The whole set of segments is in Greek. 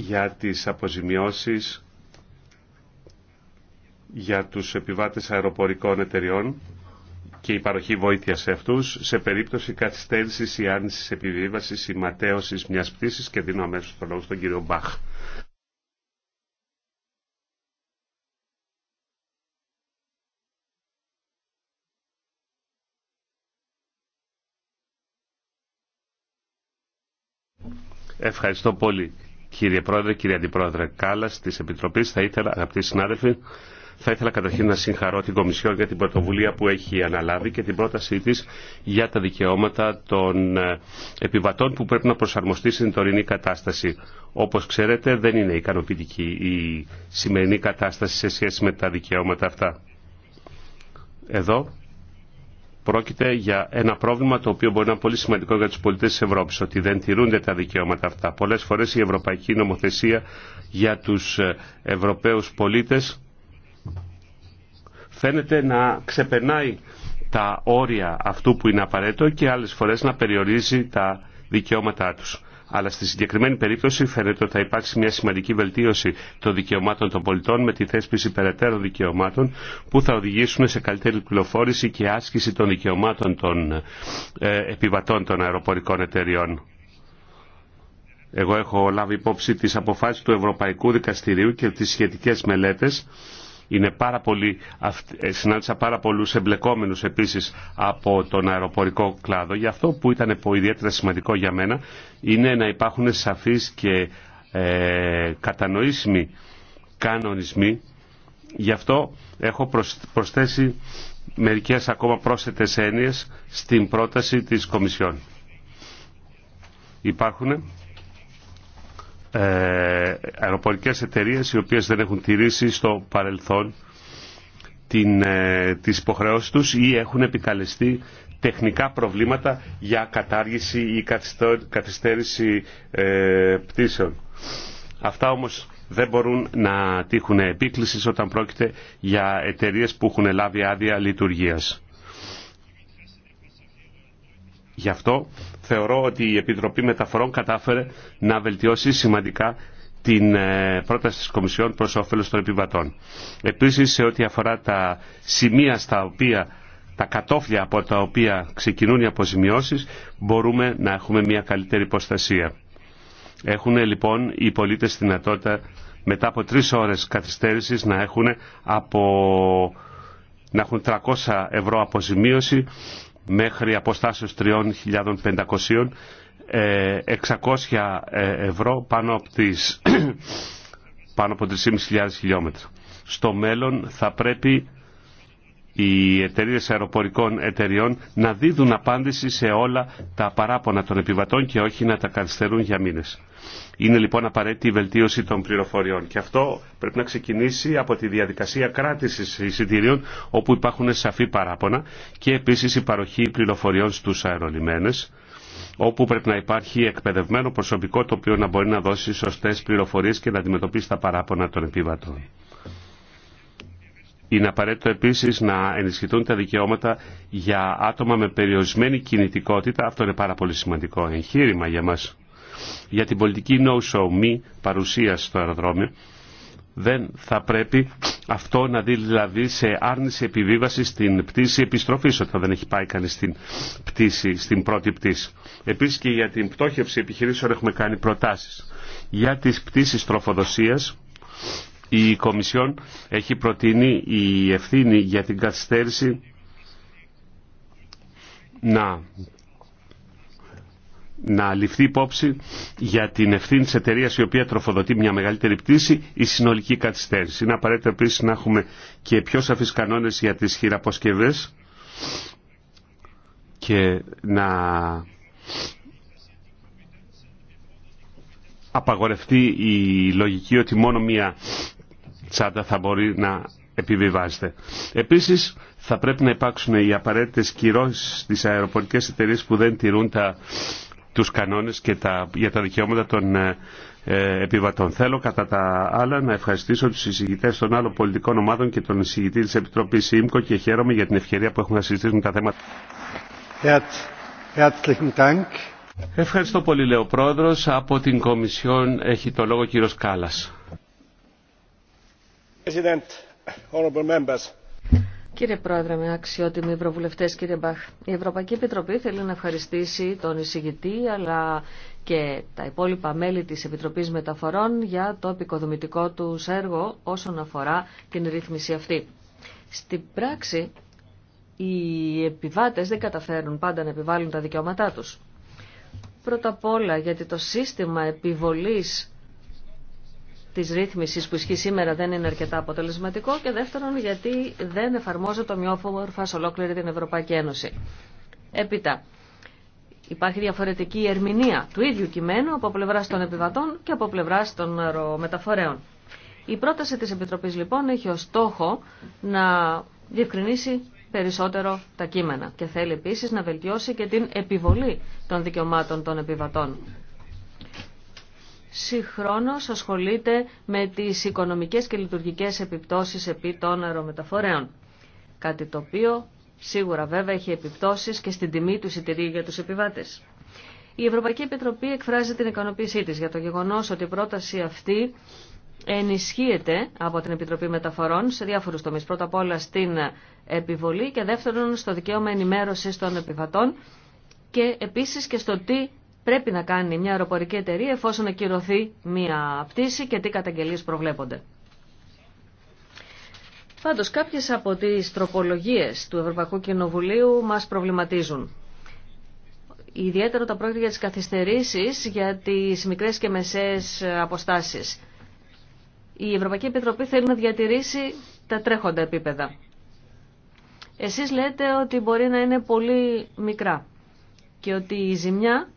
για τις αποζημιώσεις για τους επιβάτες αεροπορικών εταιριών και η παροχή βοήθεια σε σε περίπτωση καθυστέρησης ή άρνησης επιβίβασης ή ματέωση μιας πτήσης και δίνω αμέσω το λόγο στον κύριο Μπαχ. Ευχαριστώ πολύ. Κύριε Πρόεδρε, κύριε Αντιπρόεδρε Κάλλα τη Επιτροπή, θα ήθελα, αγαπητοί συνάδελφοι, θα ήθελα καταρχήν να συγχαρώ την Κομισιόν για την πρωτοβουλία που έχει αναλάβει και την πρότασή τη για τα δικαιώματα των ε, επιβατών που πρέπει να προσαρμοστεί στην τωρινή κατάσταση. Όπω ξέρετε, δεν είναι ικανοποιητική η σημερινή κατάσταση σε σχέση με τα δικαιώματα αυτά. Εδώ Πρόκειται για ένα πρόβλημα το οποίο μπορεί να είναι πολύ σημαντικό για τους πολίτες της Ευρώπης, ότι δεν τηρούνται τα δικαιώματα αυτά. Πολλές φορές η ευρωπαϊκή νομοθεσία για τους ε, Ευρωπαίους πολίτες φαίνεται να ξεπερνάει τα όρια αυτού που είναι απαραίτητο και άλλες φορές να περιορίζει τα δικαιώματά τους αλλά στη συγκεκριμένη περίπτωση φαίνεται ότι θα υπάρξει μια σημαντική βελτίωση των δικαιωμάτων των πολιτών με τη θέσπιση περαιτέρω δικαιωμάτων που θα οδηγήσουν σε καλύτερη πληροφόρηση και άσκηση των δικαιωμάτων των ε, επιβατών των αεροπορικών εταιριών. Εγώ έχω λάβει υπόψη τις αποφάσεις του Ευρωπαϊκού Δικαστηρίου και τις σχετικές μελέτες είναι πάρα πολύ, ε, συνάντησα πάρα πολλούς εμπλεκόμενους επίσης από τον αεροπορικό κλάδο. Γι' αυτό που ήταν ιδιαίτερα σημαντικό για μένα είναι να υπάρχουν σαφείς και ε, κατανοήσιμοι κανονισμοί. Γι' αυτό έχω προσθέσει μερικές ακόμα πρόσθετες έννοιες στην πρόταση της Κομισιόν. Υπάρχουν ε, αεροπορικές εταιρείες οι οποίες δεν έχουν τηρήσει στο παρελθόν την, ε, τις υποχρεώσεις τους ή έχουν επικαλεστεί τεχνικά προβλήματα για κατάργηση ή καθυστέρηση ε, πτήσεων. Αυτά όμως δεν μπορούν να τύχουν επίκλησης όταν πρόκειται για εταιρείες που έχουν λάβει άδεια λειτουργίας. Γι' αυτό θεωρώ ότι η Επιτροπή Μεταφορών κατάφερε να βελτιώσει σημαντικά την ε, πρόταση της Κομισιόν προς όφελος των επιβατών. Επίσης, σε ό,τι αφορά τα σημεία στα οποία τα κατόφλια από τα οποία ξεκινούν οι αποζημιώσεις, μπορούμε να έχουμε μια καλύτερη υποστασία. Έχουν λοιπόν οι πολίτες δυνατότητα μετά από τρεις ώρες καθυστέρησης να έχουν, από... να έχουν 300 ευρώ αποζημίωση μέχρι αποστάσεως 3.500 600 ε, ε, ευρώ πάνω από, τις, πάνω από 3.500 χιλιόμετρα. Στο μέλλον θα πρέπει οι εταιρείε αεροπορικών εταιριών να δίδουν απάντηση σε όλα τα παράπονα των επιβατών και όχι να τα καθυστερούν για μήνε. Είναι λοιπόν απαραίτητη η βελτίωση των πληροφοριών και αυτό πρέπει να ξεκινήσει από τη διαδικασία κράτηση εισιτηρίων όπου υπάρχουν σαφή παράπονα και επίση η παροχή πληροφοριών στου αερολιμένε, όπου πρέπει να υπάρχει εκπαιδευμένο προσωπικό το οποίο να μπορεί να δώσει σωστές πληροφορίες και να αντιμετωπίσει τα παράπονα των επιβατών. Είναι απαραίτητο επίσης να ενισχυθούν τα δικαιώματα για άτομα με περιορισμένη κινητικότητα. Αυτό είναι πάρα πολύ σημαντικό εγχείρημα για μας. Για την πολιτική no-show, μη παρουσία στο αεροδρόμιο, δεν θα πρέπει αυτό να δει δηλαδή σε άρνηση επιβίβαση στην πτήση επιστροφής, όταν δεν έχει πάει κανείς στην, πτήση, στην πρώτη πτήση. Επίσης και για την πτώχευση επιχειρήσεων έχουμε κάνει προτάσεις. Για τις πτήσεις τροφοδοσίας, η Κομισιόν έχει προτείνει η ευθύνη για την καθυστέρηση να, να ληφθεί υπόψη για την ευθύνη της εταιρείας η οποία τροφοδοτεί μια μεγαλύτερη πτήση η συνολική καθυστέρηση. Είναι απαραίτητο επίσης να έχουμε και πιο σαφείς κανόνες για τις χειραποσκευές και να απαγορευτεί η λογική ότι μόνο μία τσάντα θα μπορεί να επιβιβάζεται. Επίσης θα πρέπει να υπάρξουν οι απαραίτητες κυρώσεις στις αεροπορικές εταιρείες που δεν τηρούν τα, τους κανόνες και τα, για τα δικαιώματα των ε, ε επιβατών. Θέλω κατά τα άλλα να ευχαριστήσω τους εισηγητές των άλλων πολιτικών ομάδων και τον εισηγητή της Επιτροπής ΙΜΚΟ και χαίρομαι για την ευκαιρία που έχουμε να συζητήσουμε τα θέματα. Ευχαριστώ πολύ, λέει Πρόεδρος. Από την Κομισιόν έχει το λόγο ο κύριος Κάλλας. Κύριε Πρόεδρε, με αξιότιμοι Ευρωβουλευτές, κύριε Μπαχ, η Ευρωπαϊκή Επιτροπή θέλει να ευχαριστήσει τον εισηγητή αλλά και τα υπόλοιπα μέλη της Επιτροπής Μεταφορών για το επικοδομητικό του έργο όσον αφορά την ρύθμιση αυτή. Στην πράξη, οι επιβάτες δεν καταφέρουν πάντα να επιβάλλουν τα δικαιώματά τους. Πρώτα απ' όλα γιατί το σύστημα επιβολής Τη Ρύθμιση που ισχύει σήμερα δεν είναι αρκετά αποτελεσματικό και δεύτερον γιατί δεν εφαρμόζεται το σε ολόκληρη την Ευρωπαϊκή Ένωση. Έπειτα, υπάρχει διαφορετική ερμηνεία του ίδιου κειμένου από πλευρά των επιβατών και από πλευρά των αερομεταφορέων. Η πρόταση τη Επιτροπή λοιπόν έχει ω στόχο να διευκρινίσει περισσότερο τα κείμενα και θέλει επίση να βελτιώσει και την επιβολή των δικαιωμάτων των επιβατών συγχρόνως ασχολείται με τις οικονομικές και λειτουργικές επιπτώσεις επί των αερομεταφορέων. Κάτι το οποίο σίγουρα βέβαια έχει επιπτώσεις και στην τιμή του εισιτηρίου για τους επιβάτες. Η Ευρωπαϊκή Επιτροπή εκφράζει την ικανοποίησή της για το γεγονός ότι η πρόταση αυτή ενισχύεται από την Επιτροπή Μεταφορών σε διάφορους τομείς. Πρώτα απ' όλα στην επιβολή και δεύτερον στο δικαίωμα ενημέρωσης των επιβατών και επίσης και στο τι πρέπει να κάνει μια αεροπορική εταιρεία εφόσον ακυρωθεί μια πτήση και τι καταγγελίες προβλέπονται. Πάντως κάποιες από τις τροπολογίες του Ευρωπαϊκού Κοινοβουλίου μας προβληματίζουν. Ιδιαίτερα τα πρόκειται για τις καθυστερήσεις για τις μικρές και μεσαίες αποστάσεις. Η Ευρωπαϊκή Επιτροπή θέλει να διατηρήσει τα τρέχοντα επίπεδα. Εσείς λέτε ότι μπορεί να είναι πολύ μικρά και ότι η ζημιά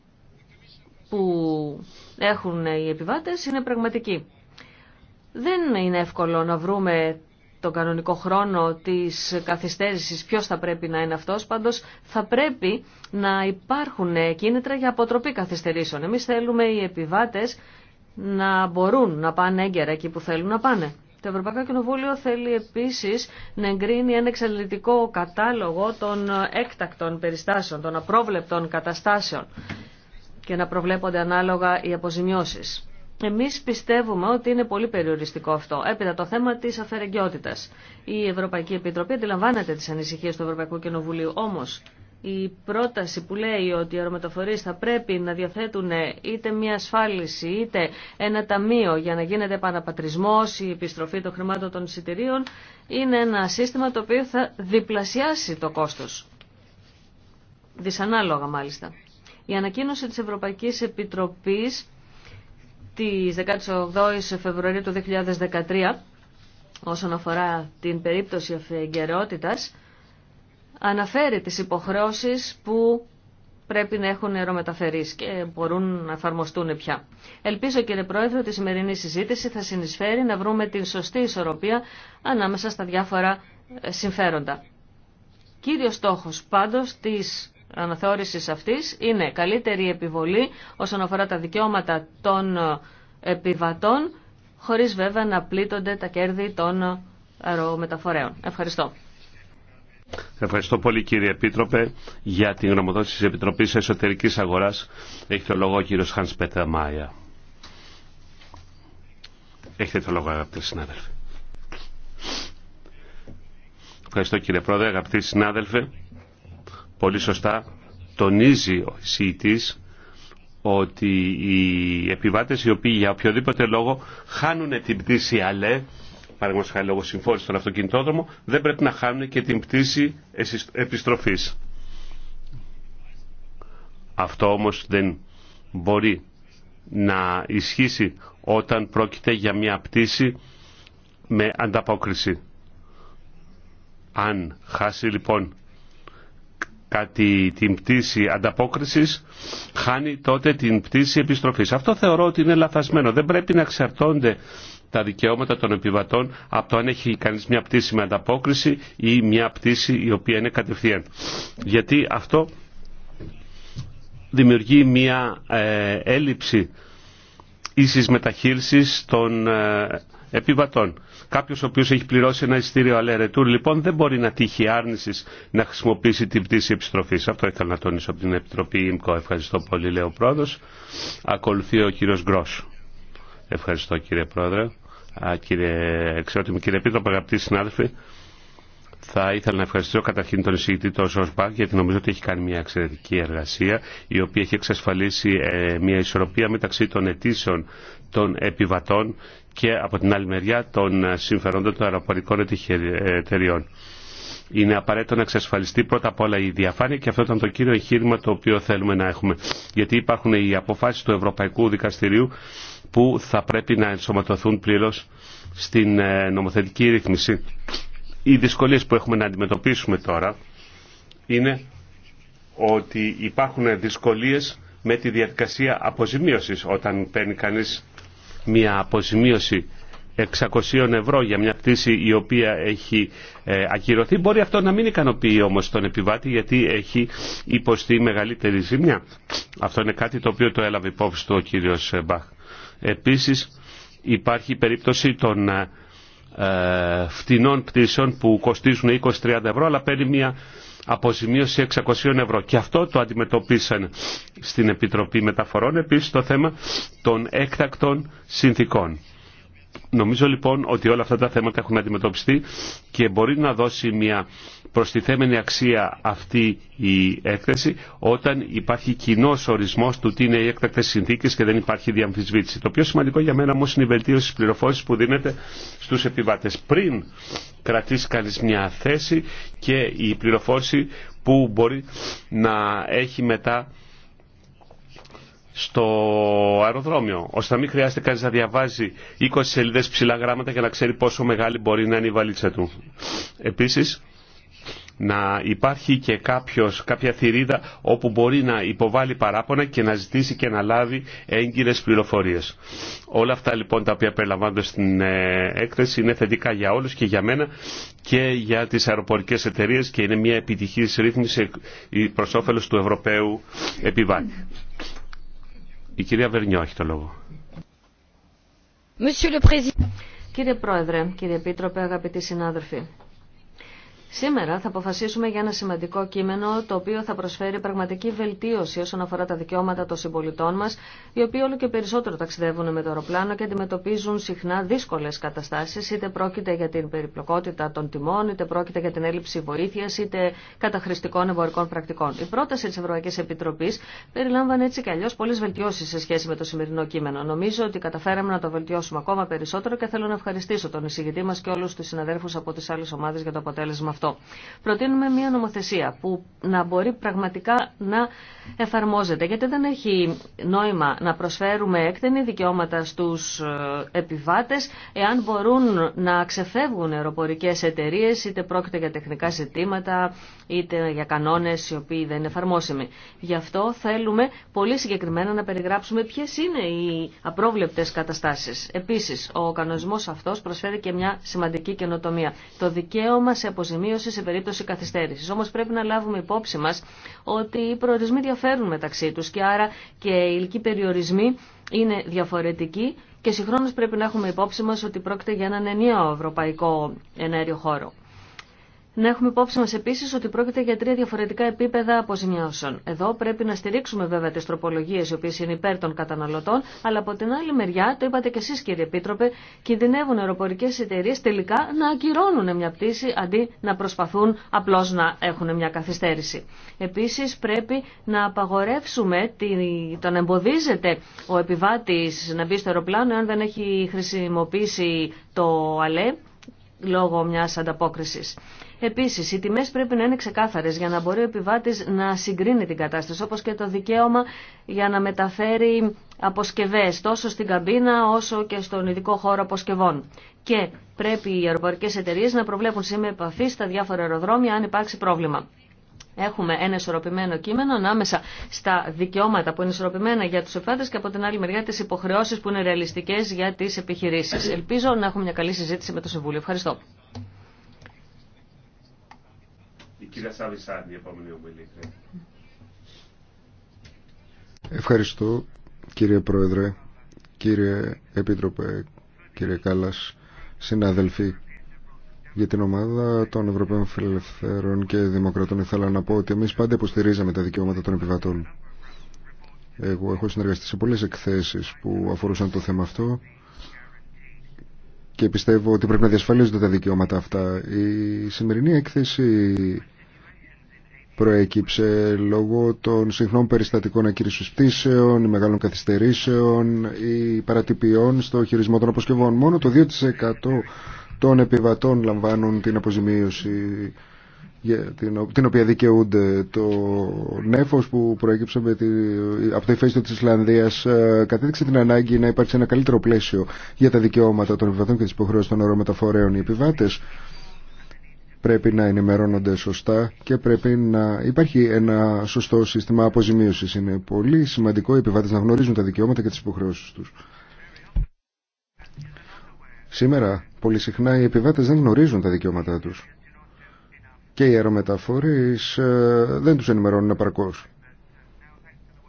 που έχουν οι επιβάτες είναι πραγματική. Δεν είναι εύκολο να βρούμε τον κανονικό χρόνο της καθυστέρησης, ποιος θα πρέπει να είναι αυτός, πάντως θα πρέπει να υπάρχουν κίνητρα για αποτροπή καθυστερήσεων. Εμείς θέλουμε οι επιβάτες να μπορούν να πάνε έγκαιρα εκεί που θέλουν να πάνε. Το Ευρωπαϊκό Κοινοβούλιο θέλει επίσης να εγκρίνει ένα εξελιτικό κατάλογο των έκτακτων περιστάσεων, των απρόβλεπτων καταστάσεων και να προβλέπονται ανάλογα οι αποζημιώσει. Εμεί πιστεύουμε ότι είναι πολύ περιοριστικό αυτό. Έπειτα το θέμα τη αφαιρεγκαιότητα. Η Ευρωπαϊκή Επιτροπή αντιλαμβάνεται τι ανησυχίε του Ευρωπαϊκού Κοινοβουλίου. Όμω, η πρόταση που λέει ότι οι αερομεταφορείς θα πρέπει να διαθέτουν είτε μια ασφάλιση είτε ένα ταμείο για να γίνεται επαναπατρισμό ή επιστροφή των χρημάτων των εισιτηρίων είναι ένα σύστημα το οποίο θα διπλασιάσει το κόστος. Δυσανάλογα μάλιστα. Η ανακοίνωση της Ευρωπαϊκής Επιτροπής της 18 Φεβρουαρίου του 2013 όσον αφορά την περίπτωση αφιεγκαιρεότητας αναφέρει τις υποχρεώσεις που πρέπει να έχουν νερομεταφερεί και μπορούν να εφαρμοστούν πια. Ελπίζω κύριε Πρόεδρε ότι η σημερινή συζήτηση θα συνεισφέρει να βρούμε την σωστή ισορροπία ανάμεσα στα διάφορα συμφέροντα. Κύριος στόχος πάντως της Αναθεώρηση αυτής είναι καλύτερη επιβολή όσον αφορά τα δικαιώματα των ε, επιβατών, χωρίς βέβαια να πλήττονται τα κέρδη των αερομεταφορέων. Ευχαριστώ. Ευχαριστώ πολύ κύριε Επίτροπε για την γνωμοδότηση της Επιτροπής Εσωτερικής Αγοράς. Έχει το λόγο ο κύριος Χάνς Πέτρα Μάια. Έχετε το λόγο αγαπητοί συνάδελφοι. Ευχαριστώ κύριε Πρόεδρε, αγαπητοί συνάδελφοι πολύ σωστά τονίζει ο ισίτης ότι οι επιβάτες οι οποίοι για οποιοδήποτε λόγο χάνουν την πτήση ΑΛΕ, παραγωγός χάρη λόγω συμφόρηση στον αυτοκινητόδρομο, δεν πρέπει να χάνουν και την πτήση επιστροφής. Αυτό όμως δεν μπορεί να ισχύσει όταν πρόκειται για μια πτήση με ανταπόκριση. Αν χάσει λοιπόν κάτι την πτήση ανταπόκρισης, χάνει τότε την πτήση επιστροφής. Αυτό θεωρώ ότι είναι λαθασμένο. Δεν πρέπει να εξαρτώνται τα δικαιώματα των επιβατών από το αν έχει κανείς μια πτήση με ανταπόκριση ή μια πτήση η οποία είναι κατευθείαν. Γιατί αυτό δημιουργεί μια ε, έλλειψη ίσης μεταχείρισης των ε, επιβατών. Κάποιο ο οποίο έχει πληρώσει ένα ειστήριο αλερετούρ λοιπόν δεν μπορεί να τύχει άρνηση να χρησιμοποιήσει την πτήση επιστροφή. Αυτό ήθελα να τονίσω από την Επιτροπή ΙΜΚΟ. Ευχαριστώ πολύ, λέει ο πρόεδρο. Ακολουθεί ο κύριο Γκρό. Ευχαριστώ κύριε πρόεδρε. Α, κύριε εξαιρετικό κύριε πίτρο, αγαπητοί συνάδελφοι. Θα ήθελα να ευχαριστήσω καταρχήν τον εισηγητή τον ΣΟΣΠΑΚ γιατί νομίζω ότι έχει κάνει μια εξαιρετική εργασία η οποία έχει εξασφαλίσει ε, μια ισορροπία μεταξύ των αιτήσεων των επιβατών και από την άλλη μεριά των ε, συμφερόντων των αεροπορικών ε, εταιριών. Είναι απαραίτητο να εξασφαλιστεί πρώτα απ' όλα η διαφάνεια και αυτό ήταν το κύριο εγχείρημα το οποίο θέλουμε να έχουμε. Γιατί υπάρχουν οι αποφάσεις του Ευρωπαϊκού Δικαστηρίου που θα πρέπει να ενσωματωθούν πλήρως στην ε, νομοθετική ρύθμιση. Οι δυσκολίες που έχουμε να αντιμετωπίσουμε τώρα είναι ότι υπάρχουν δυσκολίες με τη διαδικασία αποζημίωσης όταν παίρνει κανείς μια αποζημίωση 600 ευρώ για μια πτήση η οποία έχει ε, ακυρωθεί. Μπορεί αυτό να μην ικανοποιεί όμως τον επιβάτη γιατί έχει υποστεί μεγαλύτερη ζημιά. Αυτό είναι κάτι το οποίο το έλαβε υπόψη του ο κύριος Μπαχ. Επίσης υπάρχει περίπτωση των ε, ε, φτηνών πτήσεων που κοστίζουν 20-30 ευρώ αλλά παίρνει μια αποζημίωση 600 ευρώ. Και αυτό το αντιμετωπίσαν στην Επιτροπή Μεταφορών. Επίσης το θέμα των έκτακτων συνθήκων. Νομίζω λοιπόν ότι όλα αυτά τα θέματα έχουν αντιμετωπιστεί και μπορεί να δώσει μια προστιθέμενη αξία αυτή η έκθεση όταν υπάρχει κοινό ορισμό του τι είναι οι έκτακτε συνθήκε και δεν υπάρχει διαμφισβήτηση. Το πιο σημαντικό για μένα όμω είναι η βελτίωση τη πληροφόρηση που δίνεται στου επιβάτε. Πριν κρατήσει κανεί μια θέση και η πληροφόρηση που μπορεί να έχει μετά στο αεροδρόμιο, ώστε να μην χρειάζεται κανείς να διαβάζει 20 σελίδες ψηλά γράμματα για να ξέρει πόσο μεγάλη μπορεί να είναι η βαλίτσα του. Επίσης, να υπάρχει και κάποιος, κάποια θηρίδα όπου μπορεί να υποβάλει παράπονα και να ζητήσει και να λάβει έγκυρες πληροφορίες. Όλα αυτά λοιπόν τα οποία περιλαμβάνονται στην ε, έκθεση είναι θετικά για όλους και για μένα και για τις αεροπορικές εταιρείες και είναι μια επιτυχής ρύθμιση προς όφελος του Ευρωπαίου επιβάτη. Η κυρία Βερνιό έχει το λόγο. Κύριε Πρόεδρε, κύριε Επίτροπε, αγαπητοί συνάδελφοι. Σήμερα θα αποφασίσουμε για ένα σημαντικό κείμενο το οποίο θα προσφέρει πραγματική βελτίωση όσον αφορά τα δικαιώματα των συμπολιτών μας, οι οποίοι όλο και περισσότερο ταξιδεύουν με το αεροπλάνο και αντιμετωπίζουν συχνά δύσκολε καταστάσεις, είτε πρόκειται για την περιπλοκότητα των τιμών, είτε πρόκειται για την έλλειψη βοήθειας, είτε καταχρηστικών εμπορικών πρακτικών. Η πρόταση τη Ευρωπαϊκή Επιτροπή περιλάμβανε έτσι κι αλλιώς πολλές βελτιώσεις σε σχέση με το σημερινό κείμενο. Νομίζω ότι καταφέραμε να το βελτιώσουμε ακόμα περισσότερο και θέλω να ευχαριστήσω τον εισηγητή μας και όλους τους συναδέρφους από τις άλλες ομάδες για το αποτέλεσμα αυτό αυτό. Προτείνουμε μια νομοθεσία που να μπορεί πραγματικά να εφαρμόζεται, γιατί δεν έχει νόημα να προσφέρουμε έκτενη δικαιώματα στους ε, επιβάτες, εάν μπορούν να ξεφεύγουν αεροπορικέ εταιρείε, είτε πρόκειται για τεχνικά ζητήματα, είτε για κανόνες οι οποίοι δεν είναι εφαρμόσιμοι. Γι' αυτό θέλουμε πολύ συγκεκριμένα να περιγράψουμε ποιε είναι οι απρόβλεπτες καταστάσεις. Επίσης, ο κανονισμός αυτός προσφέρει και μια σημαντική καινοτομία. Το δικαίωμα σε αποζημίωση αποζημίωση σε περίπτωση καθυστέρηση. Όμω πρέπει να λάβουμε υπόψη μα ότι οι προορισμοί διαφέρουν μεταξύ του και άρα και οι ηλικοί περιορισμοί είναι διαφορετικοί και συγχρόνω πρέπει να έχουμε υπόψη μα ότι πρόκειται για έναν ενιαίο ευρωπαϊκό ενέργειο χώρο. Να έχουμε υπόψη μα επίση ότι πρόκειται για τρία διαφορετικά επίπεδα αποζημιώσεων. Εδώ πρέπει να στηρίξουμε βέβαια τι τροπολογίε οι οποίε είναι υπέρ των καταναλωτών, αλλά από την άλλη μεριά, το είπατε και εσεί κύριε Επίτροπε, κινδυνεύουν αεροπορικέ εταιρείε τελικά να ακυρώνουν μια πτήση αντί να προσπαθούν απλώ να έχουν μια καθυστέρηση. Επίση πρέπει να απαγορεύσουμε το να εμποδίζεται ο επιβάτη να μπει στο αεροπλάνο αν δεν έχει χρησιμοποιήσει το αλέ λόγω μιας ανταπόκρισης. Επίσης, οι τιμές πρέπει να είναι ξεκάθαρες για να μπορεί ο επιβάτης να συγκρίνει την κατάσταση, όπως και το δικαίωμα για να μεταφέρει αποσκευές τόσο στην καμπίνα όσο και στον ειδικό χώρο αποσκευών. Και πρέπει οι αεροπορικές εταιρείες να προβλέπουν σήμερα επαφή στα διάφορα αεροδρόμια αν υπάρξει πρόβλημα. Έχουμε ένα ισορροπημένο κείμενο ανάμεσα στα δικαιώματα που είναι ισορροπημένα για του επιβάτε και από την άλλη μεριά τι υποχρεώσει που είναι ρεαλιστικέ για τι επιχειρήσει. Ελπίζω να έχουμε μια καλή συζήτηση με το Συμβούλιο. Ευχαριστώ. κυρία Ευχαριστώ κύριε Πρόεδρε, κύριε Επίτροπε, κύριε Κάλλας, συναδελφοί για την ομάδα των Ευρωπαίων Φιλελευθέρων και Δημοκρατών ήθελα να πω ότι εμείς πάντα υποστηρίζαμε τα δικαιώματα των επιβατών. Εγώ έχω συνεργαστεί σε πολλές εκθέσεις που αφορούσαν το θέμα αυτό και πιστεύω ότι πρέπει να διασφαλίζονται τα δικαιώματα αυτά. Η σημερινή έκθεση προέκυψε λόγω των συχνών περιστατικών ακύρωσης πτήσεων, μεγάλων καθυστερήσεων ή παρατυπιών στο χειρισμό των αποσκευών. Μόνο το 2% των επιβατών λαμβάνουν την αποζημίωση την οποία δικαιούνται το νέφος που προέκυψε με τη, από το υφέστο της Ισλανδίας ε, κατέδειξε την ανάγκη να υπάρξει ένα καλύτερο πλαίσιο για τα δικαιώματα των επιβατών και τις υποχρεώσεις των αερομεταφορέων οι επιβάτες πρέπει να ενημερώνονται σωστά και πρέπει να υπάρχει ένα σωστό σύστημα αποζημίωσης. Είναι πολύ σημαντικό οι επιβάτες να γνωρίζουν τα δικαιώματα και τις υποχρεώσεις τους. Σήμερα, πολύ συχνά, οι επιβάτες δεν γνωρίζουν τα δικαιώματά τους. Και οι αερομεταφορείς ε, δεν τους ενημερώνουν επαρκώς.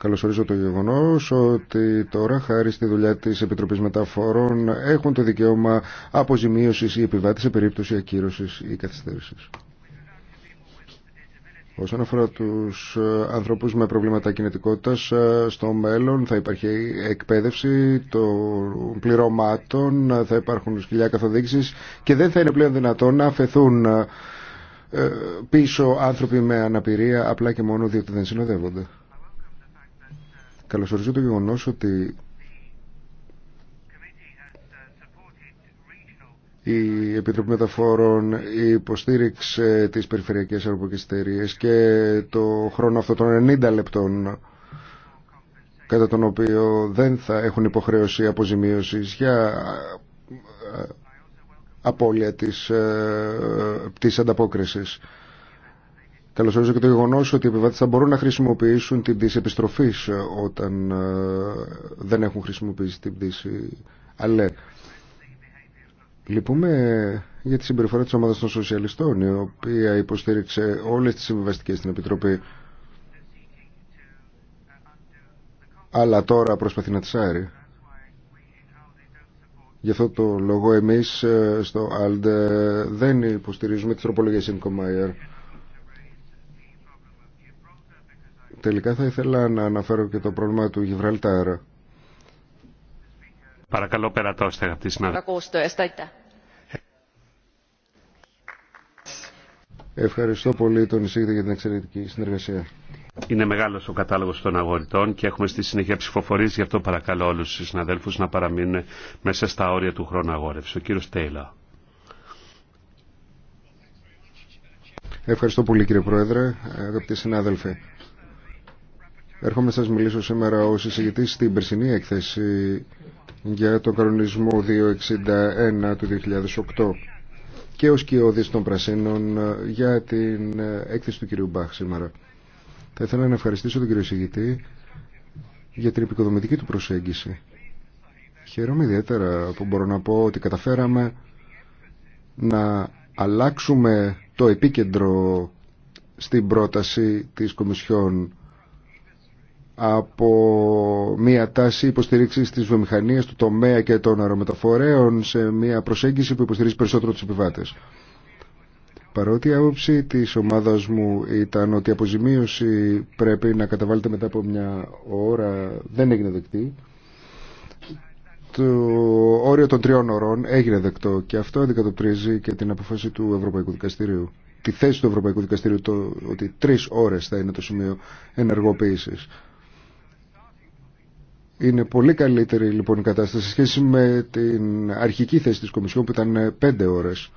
Καλωσορίζω το γεγονό ότι τώρα, χάρη στη δουλειά τη Επιτροπή Μεταφορών, έχουν το δικαίωμα αποζημίωση ή επιβάτε σε περίπτωση ακύρωση ή καθυστέρηση. Όσον αφορά του ανθρώπου με προβλήματα κινητικότητα, στο μέλλον θα υπάρχει εκπαίδευση των πληρωμάτων, θα υπάρχουν σκυλιά καθοδήγηση και δεν θα είναι πλέον δυνατόν να αφαιθούν ε, πίσω άνθρωποι με αναπηρία απλά και μόνο διότι δεν συνοδεύονται. Καλωσορίζω το γεγονό ότι η Επιτροπή Μεταφόρων υποστήριξε τις περιφερειακές αεροπορικές εταιρείε και το χρόνο αυτό των 90 λεπτών κατά τον οποίο δεν θα έχουν υποχρέωση αποζημίωσης για ε, απώλεια της, ε, ε, της ανταπόκρισης. Καλωσορίζω και το γεγονό ότι οι επιβάτε θα μπορούν να χρησιμοποιήσουν την πτήση επιστροφή ε, όταν ε, δεν έχουν χρησιμοποιήσει την πτήση Αλλά Λυπούμε για τη συμπεριφορά τη ομάδα των Σοσιαλιστών, η οποία υποστήριξε όλε τι συμβιβαστικέ στην Επιτροπή. Αλλά τώρα προσπαθεί να τι άρει. Γι' αυτό το λόγο εμείς ε, στο ΑΛΔ δεν υποστηρίζουμε τις τροπολογίες Μάιερ Τελικά θα ήθελα να αναφέρω και το πρόβλημα του Γιβραλτάρ. Παρακαλώ περατώστε αγαπητοί συνάδελφοι. Ευχαριστώ πολύ τον εισήγητη για την εξαιρετική συνεργασία. Είναι μεγάλο ο κατάλογο των αγορητών και έχουμε στη συνέχεια ψηφοφορίε. Γι' αυτό παρακαλώ όλου του συναδέλφου να παραμείνουν μέσα στα όρια του χρόνου αγόρευση. Ο κύριο Τέιλα. Ευχαριστώ πολύ κύριε Πρόεδρε, αγαπητοί συνάδελφοι. Έρχομαι να σας μιλήσω σήμερα ως εισηγητής στην περσινή έκθεση για τον κανονισμό 261 του 2008 και ως κοιόδης των Πρασίνων για την έκθεση του κυρίου Μπαχ σήμερα. Θα ήθελα να ευχαριστήσω τον κύριο εισηγητή για την επικοδομητική του προσέγγιση. Χαίρομαι ιδιαίτερα που μπορώ να πω ότι καταφέραμε να αλλάξουμε το επίκεντρο στην πρόταση της Κομισιόν από μια τάση υποστηρίξης της βιομηχανίας, του τομέα και των αερομεταφορέων σε μια προσέγγιση που υποστηρίζει περισσότερο τους επιβάτες. Παρότι η άποψη της ομάδας μου ήταν ότι η αποζημίωση πρέπει να καταβάλλεται μετά από μια ώρα, δεν έγινε δεκτή. Το όριο των τριών ωρών έγινε δεκτό και αυτό αντικατοπτρίζει και την αποφάση του Ευρωπαϊκού Δικαστηρίου. Τη θέση του Ευρωπαϊκού Δικαστηρίου το, ότι τρεις ώρες θα είναι το σημείο ενεργοποίησης. Είναι πολύ καλύτερη λοιπόν η κατάσταση σε σχέση με την αρχική θέση της Κομισιόν που ήταν ε, πέντε ώρες.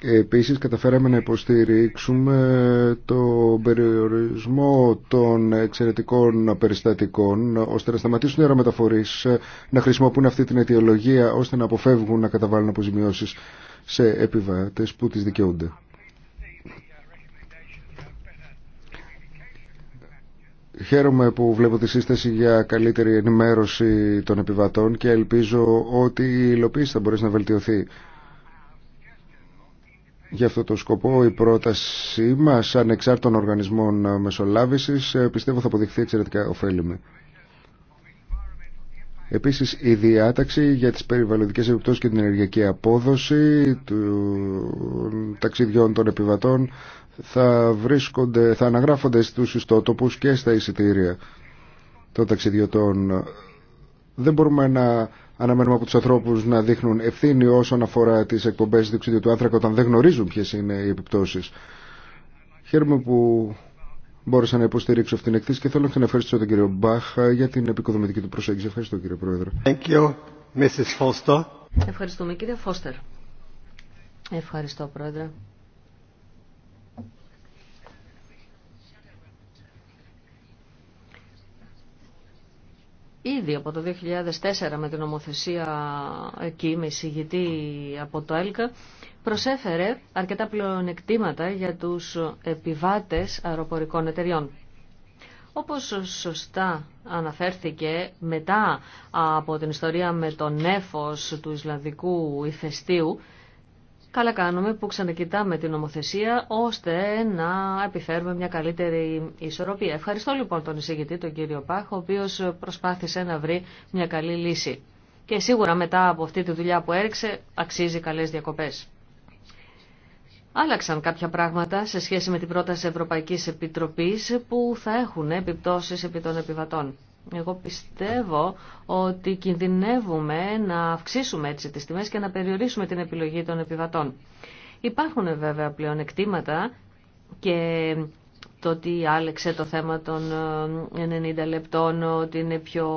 Επίσης καταφέραμε να υποστηρίξουμε το περιορισμό των εξαιρετικών περιστατικών ώστε να σταματήσουν οι αερομεταφορείς ε, να χρησιμοποιούν αυτή την αιτιολογία ώστε να αποφεύγουν να καταβάλουν αποζημιώσεις σε επιβάτες που τις δικαιούνται. Χαίρομαι που βλέπω τη σύσταση για καλύτερη ενημέρωση των επιβατών και ελπίζω ότι η υλοποίηση θα μπορέσει να βελτιωθεί. Για αυτό το σκοπό η πρότασή μας ανεξάρτητων οργανισμών μεσολάβησης ε, πιστεύω θα αποδειχθεί εξαιρετικά ωφέλιμη. Επίσης η διάταξη για τις περιβαλλοντικές επιπτώσεις και την ενεργειακή απόδοση των ταξιδιών των επιβατών θα, βρίσκονται, θα αναγράφονται στους ιστότοπους και στα εισιτήρια των ταξιδιωτών. Δεν μπορούμε να αναμένουμε από τους ανθρώπους να δείχνουν ευθύνη όσον αφορά τις εκπομπές διοξιδίου του άνθρακα όταν δεν γνωρίζουν ποιες είναι οι επιπτώσεις. Χαίρομαι που μπόρεσα να υποστηρίξω αυτήν την εκτίση και θέλω να την ευχαριστήσω τον κύριο Μπάχ για την επικοδομητική του προσέγγιση. Ευχαριστώ κύριε Πρόεδρε. Thank Ευχαριστούμε κύριε Φώστερ. Ευχαριστώ Πρόεδρε. Ήδη από το 2004 με την ομοθεσία εκεί με εισηγητή από το ΕΛΚΑ προσέφερε αρκετά πλεονεκτήματα για τους επιβάτες αεροπορικών εταιριών. Όπως σωστά αναφέρθηκε μετά από την ιστορία με τον νέφος του Ισλανδικού ηφαιστείου, Καλά κάνουμε που ξανακοιτάμε την νομοθεσία ώστε να επιφέρουμε μια καλύτερη ισορροπία. Ευχαριστώ λοιπόν τον εισηγητή, τον κύριο Πάχ, ο οποίος προσπάθησε να βρει μια καλή λύση. Και σίγουρα μετά από αυτή τη δουλειά που έριξε αξίζει καλές διακοπές. Άλλαξαν κάποια πράγματα σε σχέση με την πρόταση Ευρωπαϊκής Επιτροπής που θα έχουν επιπτώσεις επί των επιβατών. Εγώ πιστεύω ότι κινδυνεύουμε να αυξήσουμε έτσι τις τιμές και να περιορίσουμε την επιλογή των επιβατών. Υπάρχουν βέβαια πλέον εκτήματα και το ότι άλεξε το θέμα των 90 ε, λεπτών, ότι είναι πιο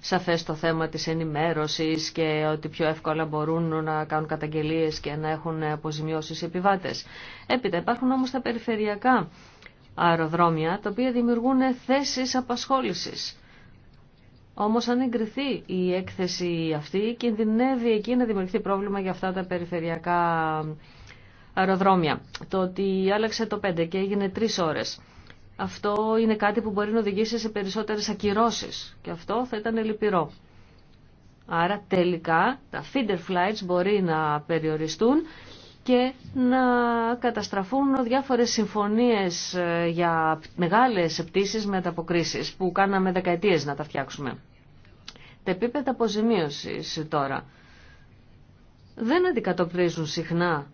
σαφές το θέμα της ενημέρωσης και ότι πιο εύκολα μπορούν να κάνουν καταγγελίες και να έχουν αποζημιώσεις οι επιβάτες. Έπειτα υπάρχουν όμως τα περιφερειακά αεροδρόμια, τα οποία δημιουργούν θέσεις απασχόλησης. Όμως αν εγκριθεί η έκθεση αυτή, κινδυνεύει εκεί να δημιουργηθεί πρόβλημα για αυτά τα περιφερειακά αεροδρόμια. Το ότι άλλαξε το 5 και έγινε 3 ώρες. Αυτό είναι κάτι που μπορεί να οδηγήσει σε περισσότερες ακυρώσεις και αυτό θα ήταν λυπηρό. Άρα τελικά τα feeder flights μπορεί να περιοριστούν και να καταστραφούν διάφορες συμφωνίες ε, για μεγάλες πτήσεις με που κάναμε δεκαετίες να τα φτιάξουμε. Τα επίπεδα αποζημίωσης τώρα δεν αντικατοπτρίζουν συχνά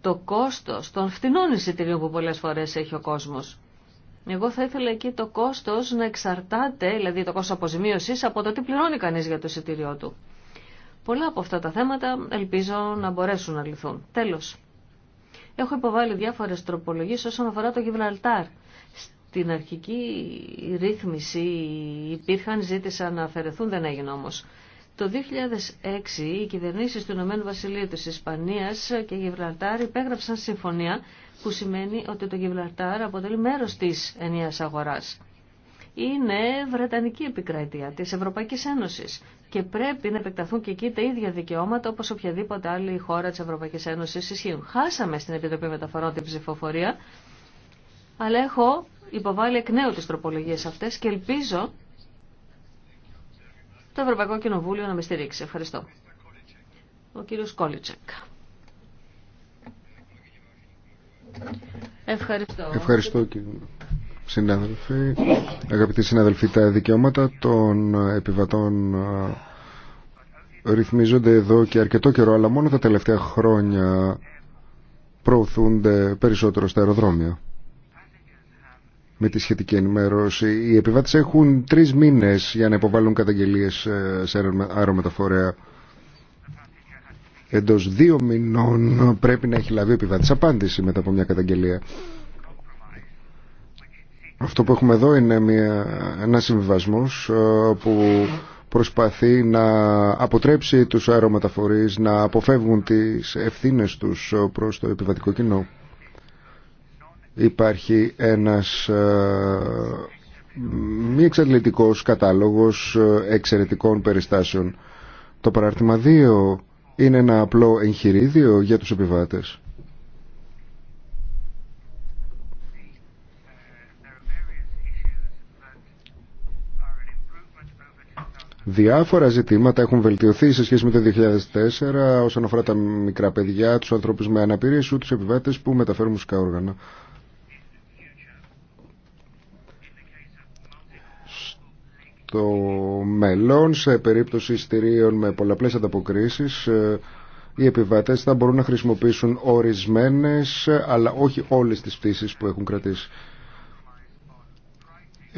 το κόστος των φτηνών εισιτηρίων που πολλές φορές έχει ο κόσμος. Εγώ θα ήθελα εκεί το κόστος να εξαρτάται, δηλαδή το κόστος αποζημίωσης, από το τι πληρώνει κανείς για το εισιτήριό του. Πολλά από αυτά τα θέματα ελπίζω να μπορέσουν να λυθούν. Τέλος, έχω υποβάλει διάφορες τροπολογίες όσον αφορά το Γιβραλτάρ. Στην αρχική ρύθμιση υπήρχαν, ζήτησαν να αφαιρεθούν, δεν έγινε όμως. Το 2006 οι κυβερνήσεις του Ηνωμένου Βασιλείου της Ισπανίας και Γιβραλτάρ υπέγραψαν συμφωνία που σημαίνει ότι το Γιβραλτάρ αποτελεί μέρος της ενιαίας αγοράς είναι Βρετανική επικράτεια της Ευρωπαϊκής Ένωσης και πρέπει να επεκταθούν και εκεί τα ίδια δικαιώματα όπως οποιαδήποτε άλλη χώρα της Ευρωπαϊκής Ένωσης ισχύουν. Χάσαμε στην Επιτροπή Μεταφορών την ψηφοφορία, αλλά έχω υποβάλει εκ νέου τις τροπολογίες αυτές και ελπίζω το Ευρωπαϊκό Κοινοβούλιο να με στηρίξει. Ευχαριστώ. Ο κύριος Κόλιτσεκ. Ευχαριστώ. Ευχαριστώ κύριε συνάδελφοι, αγαπητοί συνάδελφοι, τα δικαιώματα των επιβατών ρυθμίζονται εδώ και αρκετό καιρό, αλλά μόνο τα τελευταία χρόνια προωθούνται περισσότερο στα αεροδρόμια. Με τη σχετική ενημέρωση, οι επιβάτες έχουν τρεις μήνες για να υποβάλουν καταγγελίες ε, σε αερομεταφορέα. Εντός δύο μηνών πρέπει να έχει λαβεί ο επιβάτης απάντηση μετά από μια καταγγελία. Αυτό που έχουμε εδώ είναι μια, ένα συμβιβασμό ε, που προσπαθεί να αποτρέψει τους αερομεταφορείς να αποφεύγουν τις ευθύνες τους ε, προς το επιβατικό κοινό. Υπάρχει ένας ε, μη εξαντλητικός κατάλογος εξαιρετικών περιστάσεων. Το παράρτημα 2 είναι ένα απλό εγχειρίδιο για τους επιβάτες Διάφορα ζητήματα έχουν βελτιωθεί σε σχέση με το 2004 όσον αφορά τα μικρά παιδιά, τους ανθρώπους με αναπηρίες ή τους επιβάτες που μεταφέρουν μουσικά όργανα. Στο μέλλον, σε περίπτωση εισιτηρίων με πολλαπλές ανταποκρίσεις, ε, οι επιβάτες θα μπορούν να χρησιμοποιήσουν ορισμένες, αλλά όχι όλες τις πτήσεις που έχουν κρατήσει.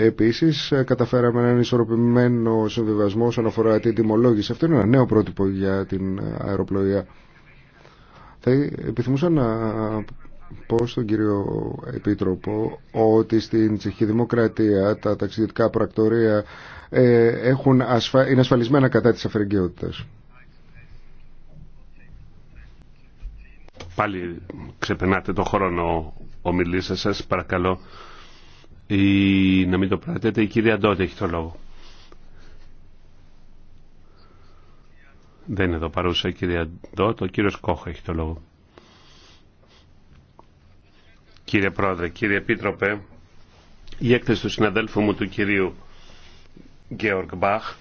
Επίσης ε, καταφέραμε έναν ισορροπημένο συμβιβασμό όσον αφορά την τιμολόγηση. Αυτό είναι ένα νέο πρότυπο για την ε, αεροπλοεία. Θα επιθυμούσα να ε, πω στον κύριο Επίτροπο ότι στην Τσεχική Δημοκρατία τα ταξιδιωτικά πρακτορία έχουν είναι ασφαλισμένα κατά της αφαιρεγγιότητας. Πάλι ξεπερνάτε το χρόνο ομιλή σας, παρακαλώ ή να μην το πράτετε, η κυρία Ντότη έχει το λόγο. Δεν είναι εδώ παρούσα η κυρία Ντότ, ο κύριος Κόχ έχει το λόγο. Κύριε Πρόεδρε, κύριε Επίτροπε, η έκθεση του συναδέλφου μου του κυρίου Γκέορκ Μπαχ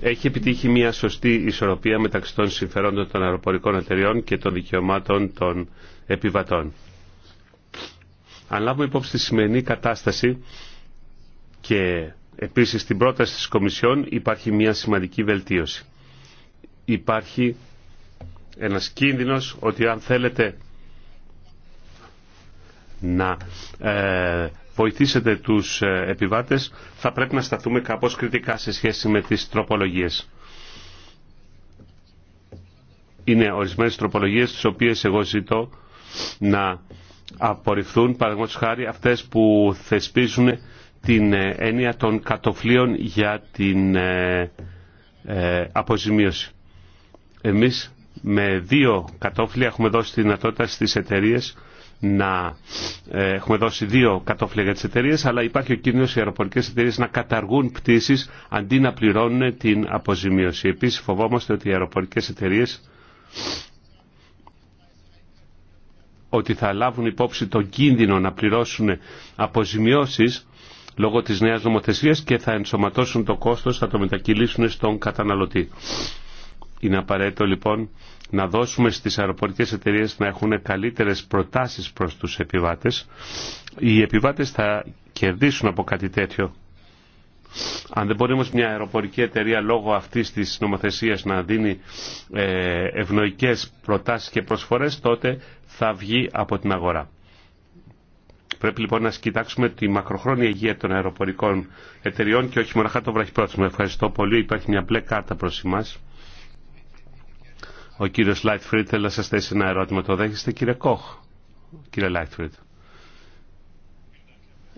έχει επιτύχει μια σωστή ισορροπία μεταξύ των συμφερόντων των αεροπορικών εταιριών και των δικαιωμάτων των επιβατών. Αν λάβουμε υπόψη τη σημερινή κατάσταση και επίσης την πρόταση της Κομισιόν υπάρχει μια σημαντική βελτίωση. Υπάρχει ένας κίνδυνος ότι αν θέλετε να ε, βοηθήσετε τους ε, επιβάτες θα πρέπει να σταθούμε κάπως κριτικά σε σχέση με τις τροπολογίες. Είναι ορισμένες τροπολογίες τις οποίες εγώ ζητώ να απορριφθούν παραδείγματο χάρη αυτές που θεσπίζουν την ε, έννοια των κατοφλίων για την ε, ε, αποζημίωση. Εμείς με δύο κατόφλια έχουμε δώσει τη δυνατότητα στις εταιρείε να ε, έχουμε δώσει δύο κατόφλια για τις εταιρείε, αλλά υπάρχει ο κίνδυνος οι αεροπορικές εταιρείε να καταργούν πτήσεις αντί να πληρώνουν την αποζημίωση. Επίσης φοβόμαστε ότι οι αεροπορικές εταιρείε ότι θα λάβουν υπόψη τον κίνδυνο να πληρώσουν αποζημιώσεις λόγω της νέας νομοθεσίας και θα ενσωματώσουν το κόστος, θα το μετακυλήσουν στον καταναλωτή. Είναι απαραίτητο λοιπόν να δώσουμε στις αεροπορικές εταιρείες να έχουν καλύτερες προτάσεις προς τους επιβάτες. Οι επιβάτες θα κερδίσουν από κάτι τέτοιο. Αν δεν μπορεί όμως μια αεροπορική εταιρεία λόγω αυτής της νομοθεσίας να δίνει ε, ευνοϊκές προτάσεις και προσφορές, τότε θα βγει από την αγορά. Πρέπει λοιπόν να κοιτάξουμε τη μακροχρόνια υγεία των αεροπορικών εταιριών και όχι μοναχά το βραχυπρόθεσμο. Ευχαριστώ πολύ. Υπάρχει μια μπλε κάρτα προς εμάς. Ο κύριος Λάιτφριτ θέλει να σας θέσει ένα ερώτημα. Το δέχεστε κύριε Κόχ. Κύριε Λάιτφριντ.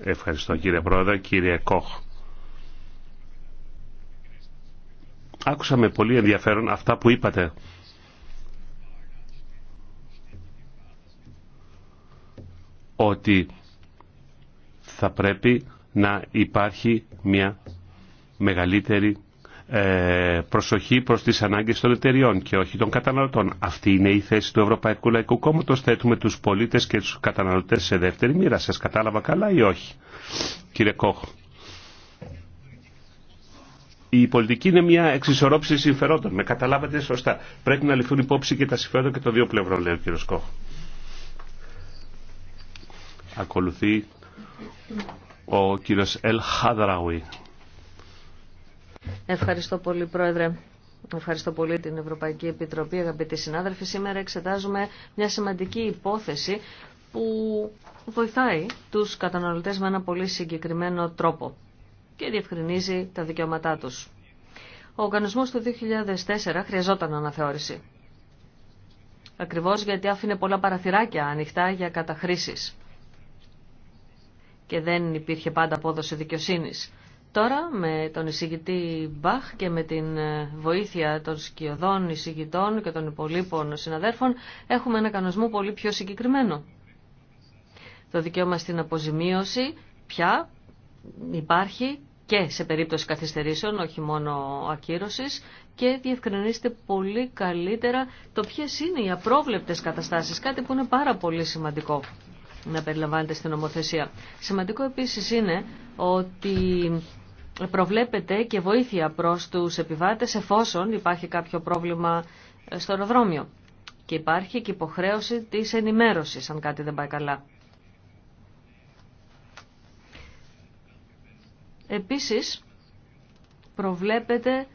Ευχαριστώ κύριε Πρόεδρε. Κύριε Κόχ. Άκουσα με πολύ ενδιαφέρον αυτά που είπατε. Ότι θα πρέπει να υπάρχει μια μεγαλύτερη ε, προσοχή προς τις ανάγκες των εταιριών και όχι των καταναλωτών. Αυτή είναι η θέση του Ευρωπαϊκού Λαϊκού Κόμματος. Θέτουμε τους πολίτες και τους καταναλωτές σε δεύτερη μοίρα. Σας κατάλαβα καλά ή όχι, κύριε Κόχ η πολιτική είναι μια εξισορρόψη συμφερόντων. Με καταλάβατε σωστά. Πρέπει να ληφθούν υπόψη και τα συμφέροντα και το δύο πλευρό, λέει ο κύριο Κόχ. Ακολουθεί ο κύριο Ελ Χαδραουί. Ευχαριστώ πολύ, Πρόεδρε. Ευχαριστώ πολύ την Ευρωπαϊκή Επιτροπή, αγαπητοί συνάδελφοι. Σήμερα εξετάζουμε μια σημαντική υπόθεση που βοηθάει τους καταναλωτές με ένα πολύ συγκεκριμένο τρόπο και διευκρινίζει τα δικαιώματά τους. Ο οργανισμός του 2004 χρειαζόταν αναθεώρηση. Ακριβώς γιατί άφηνε πολλά παραθυράκια ανοιχτά για καταχρήσεις. Και δεν υπήρχε πάντα απόδοση δικαιοσύνης. Τώρα με τον εισηγητή Μπαχ και με την ε, βοήθεια των σκιωδών εισηγητών και των υπολείπων συναδέρφων έχουμε ένα κανονισμό πολύ πιο συγκεκριμένο. Το δικαίωμα στην αποζημίωση πια υπάρχει και σε περίπτωση καθυστερήσεων, όχι μόνο ακύρωσης και διευκρινίστε πολύ καλύτερα το ποιε είναι οι απρόβλεπτες καταστάσεις, κάτι που είναι πάρα πολύ σημαντικό να περιλαμβάνεται στην νομοθεσία. Σημαντικό επίσης είναι ότι προβλέπεται και βοήθεια προς τους επιβάτες εφόσον υπάρχει κάποιο πρόβλημα στο αεροδρόμιο και υπάρχει και υποχρέωση της ενημέρωσης αν κάτι δεν πάει καλά. Επίσης, προβλέπεται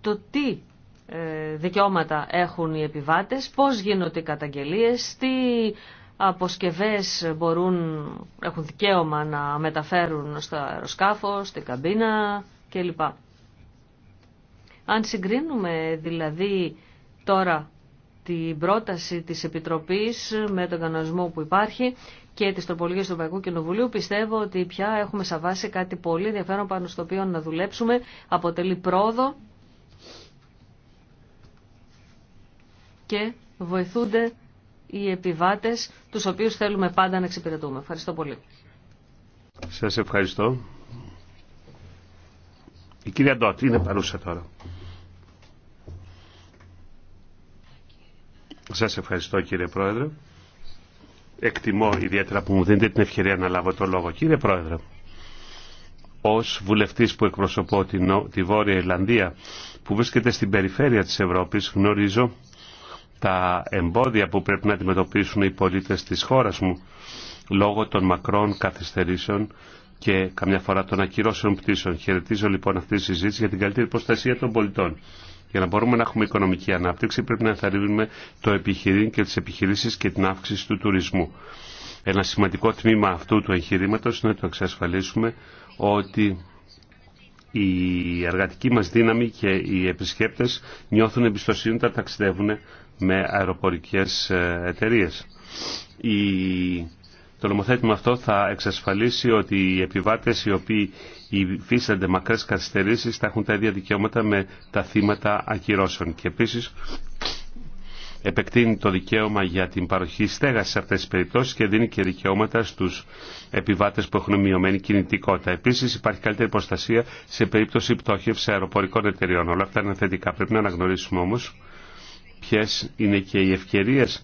το τι ε, δικαιώματα έχουν οι επιβάτες, πώς γίνονται οι καταγγελίες, τι αποσκευές μπορούν, έχουν δικαίωμα να μεταφέρουν στο αεροσκάφο, στην καμπίνα κλπ. Αν συγκρίνουμε δηλαδή τώρα την πρόταση της Επιτροπής με τον κανονισμό που υπάρχει, και τις τροπολογίες του Ευρωπαϊκού Κοινοβουλίου πιστεύω ότι πια έχουμε σαν κάτι πολύ ενδιαφέρον πάνω στο οποίο να δουλέψουμε. Αποτελεί πρόοδο και βοηθούνται οι επιβάτες τους οποίους θέλουμε πάντα να εξυπηρετούμε. Ευχαριστώ πολύ. Σας ευχαριστώ. Η κυρία Ντότ είναι παρούσα τώρα. Σας ευχαριστώ κύριε Πρόεδρε εκτιμώ ιδιαίτερα που μου δίνετε την ευκαιρία να λάβω το λόγο. Κύριε Πρόεδρε, ως βουλευτής που εκπροσωπώ τη Βόρεια Ιρλανδία που βρίσκεται στην περιφέρεια της Ευρώπης γνωρίζω τα εμπόδια που πρέπει να αντιμετωπίσουν οι πολίτες της χώρας μου λόγω των μακρών καθυστερήσεων και καμιά φορά των ακυρώσεων πτήσεων. Χαιρετίζω λοιπόν αυτή τη συζήτηση για την καλύτερη προστασία των πολιτών. Για να μπορούμε να έχουμε οικονομική ανάπτυξη πρέπει να ενθαρρύνουμε το επιχειρήν και τις επιχειρήσεις και την αύξηση του τουρισμού. Ένα σημαντικό τμήμα αυτού του εγχειρήματο είναι να το εξασφαλίσουμε ότι η εργατική μας δύναμη και οι επισκέπτες νιώθουν εμπιστοσύνη όταν ταξιδεύουν με αεροπορικές ε, εταιρείες. Η το νομοθέτημα αυτό θα εξασφαλίσει ότι οι επιβάτες οι οποίοι υφίστανται μακρές καθυστερήσεις θα έχουν τα ίδια δικαιώματα με τα θύματα ακυρώσεων. Και επίσης επεκτείνει το δικαίωμα για την παροχή στέγαση σε αυτές τις περιπτώσεις και δίνει και δικαιώματα στους επιβάτες που έχουν μειωμένη κινητικότητα. Επίσης υπάρχει καλύτερη προστασία σε περίπτωση πτώχευση αεροπορικών εταιριών. Όλα αυτά είναι θετικά. Πρέπει να αναγνωρίσουμε όμως ποιε είναι και οι ευκαιρίες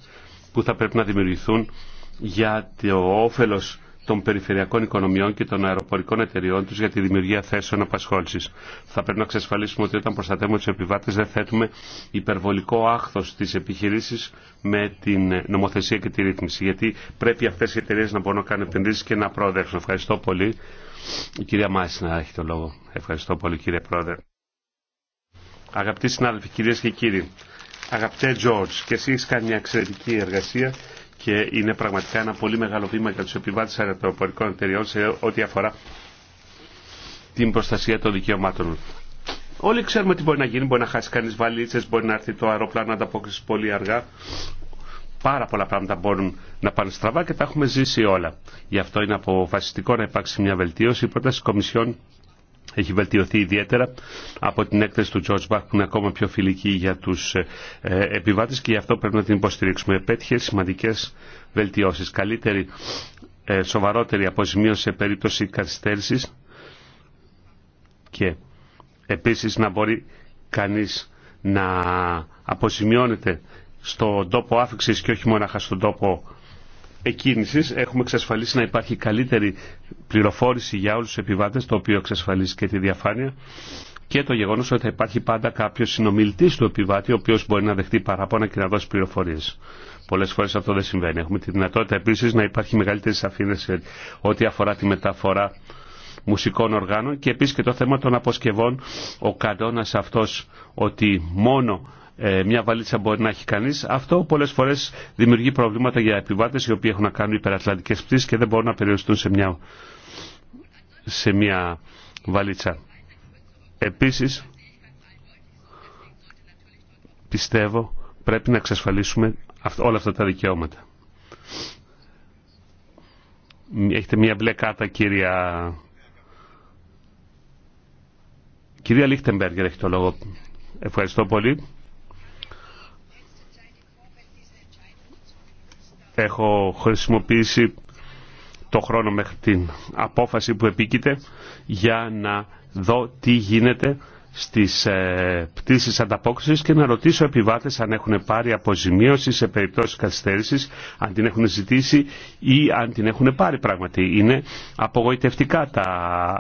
που θα πρέπει να δημιουργηθούν για το όφελος των περιφερειακών οικονομιών και των αεροπορικών εταιριών του για τη δημιουργία θέσεων απασχόληση. Θα πρέπει να εξασφαλίσουμε ότι όταν προστατεύουμε του επιβάτε δεν θέτουμε υπερβολικό άχθο στι επιχειρήσει με την νομοθεσία και τη ρύθμιση. Γιατί πρέπει αυτέ οι εταιρείε να μπορούν να κάνουν επενδύσει και να προοδεύσουν. Ευχαριστώ πολύ. Η κυρία Μάση να έχει το λόγο. Ευχαριστώ πολύ κύριε Πρόεδρε. Αγαπητοί συνάδελφοι, κυρίε και κύριοι, αγαπητέ Τζόρτζ, και εσύ κάνει μια εξαιρετική εργασία και είναι πραγματικά ένα πολύ μεγάλο βήμα για τους επιβάτες αεροπορικών εταιριών σε ό,τι αφορά την προστασία των δικαιωμάτων. Όλοι ξέρουμε τι μπορεί να γίνει. Μπορεί να χάσει κανεί βαλίτσε, μπορεί να έρθει το αεροπλάνο να ανταπόκριση πολύ αργά. Πάρα πολλά πράγματα μπορούν να πάνε στραβά και τα έχουμε ζήσει όλα. Γι' αυτό είναι αποφασιστικό να υπάρξει μια βελτίωση. πρόταση έχει βελτιωθεί ιδιαίτερα από την έκθεση του George Bach που είναι ακόμα πιο φιλική για τους ε, επιβάτες και γι' αυτό πρέπει να την υποστηρίξουμε. πέτυχε σημαντικές βελτιώσεις. Καλύτερη, ε, σοβαρότερη αποζημίωση σε περίπτωση καθυστέρησης και επίσης να μπορεί κανείς να αποζημιώνεται στον τόπο άφηξης και όχι μόνο στον τόπο εκκίνησης έχουμε εξασφαλίσει να υπάρχει καλύτερη πληροφόρηση για όλους τους επιβάτες, το οποίο εξασφαλίζει και τη διαφάνεια και το γεγονός ότι θα υπάρχει πάντα κάποιος συνομιλητής του επιβάτη, ο οποίος μπορεί να δεχτεί παράπονα και να δώσει πληροφορίες. Πολλές φορές αυτό δεν συμβαίνει. Έχουμε τη δυνατότητα επίσης να υπάρχει μεγαλύτερη σαφήνεια ό,τι αφορά τη μεταφορά μουσικών οργάνων και επίσης και το θέμα των αποσκευών. Ο κανόνας αυτός ότι μόνο ε, μια βαλίτσα μπορεί να έχει κανείς. Αυτό πολλές φορές δημιουργεί προβλήματα για επιβάτες οι οποίοι έχουν να κάνουν υπερατλαντικές πτήσεις και δεν μπορούν να περιοριστούν σε μια, σε μια βαλίτσα. Επίσης, πιστεύω πρέπει να εξασφαλίσουμε όλα αυτά τα δικαιώματα. Έχετε μια μπλε κάρτα κυρία... Κυρία Λίχτεμπεργκερ έχει το λόγο. Ευχαριστώ πολύ. έχω χρησιμοποιήσει το χρόνο μέχρι την απόφαση που επίκειται για να δω τι γίνεται στις ε, πτήσεις ανταπόκρισης και να ρωτήσω επιβάτες αν έχουν πάρει αποζημίωση σε περιπτώσεις καθυστέρησης, αν την έχουν ζητήσει ή αν την έχουν πάρει πράγματι. Είναι απογοητευτικά τα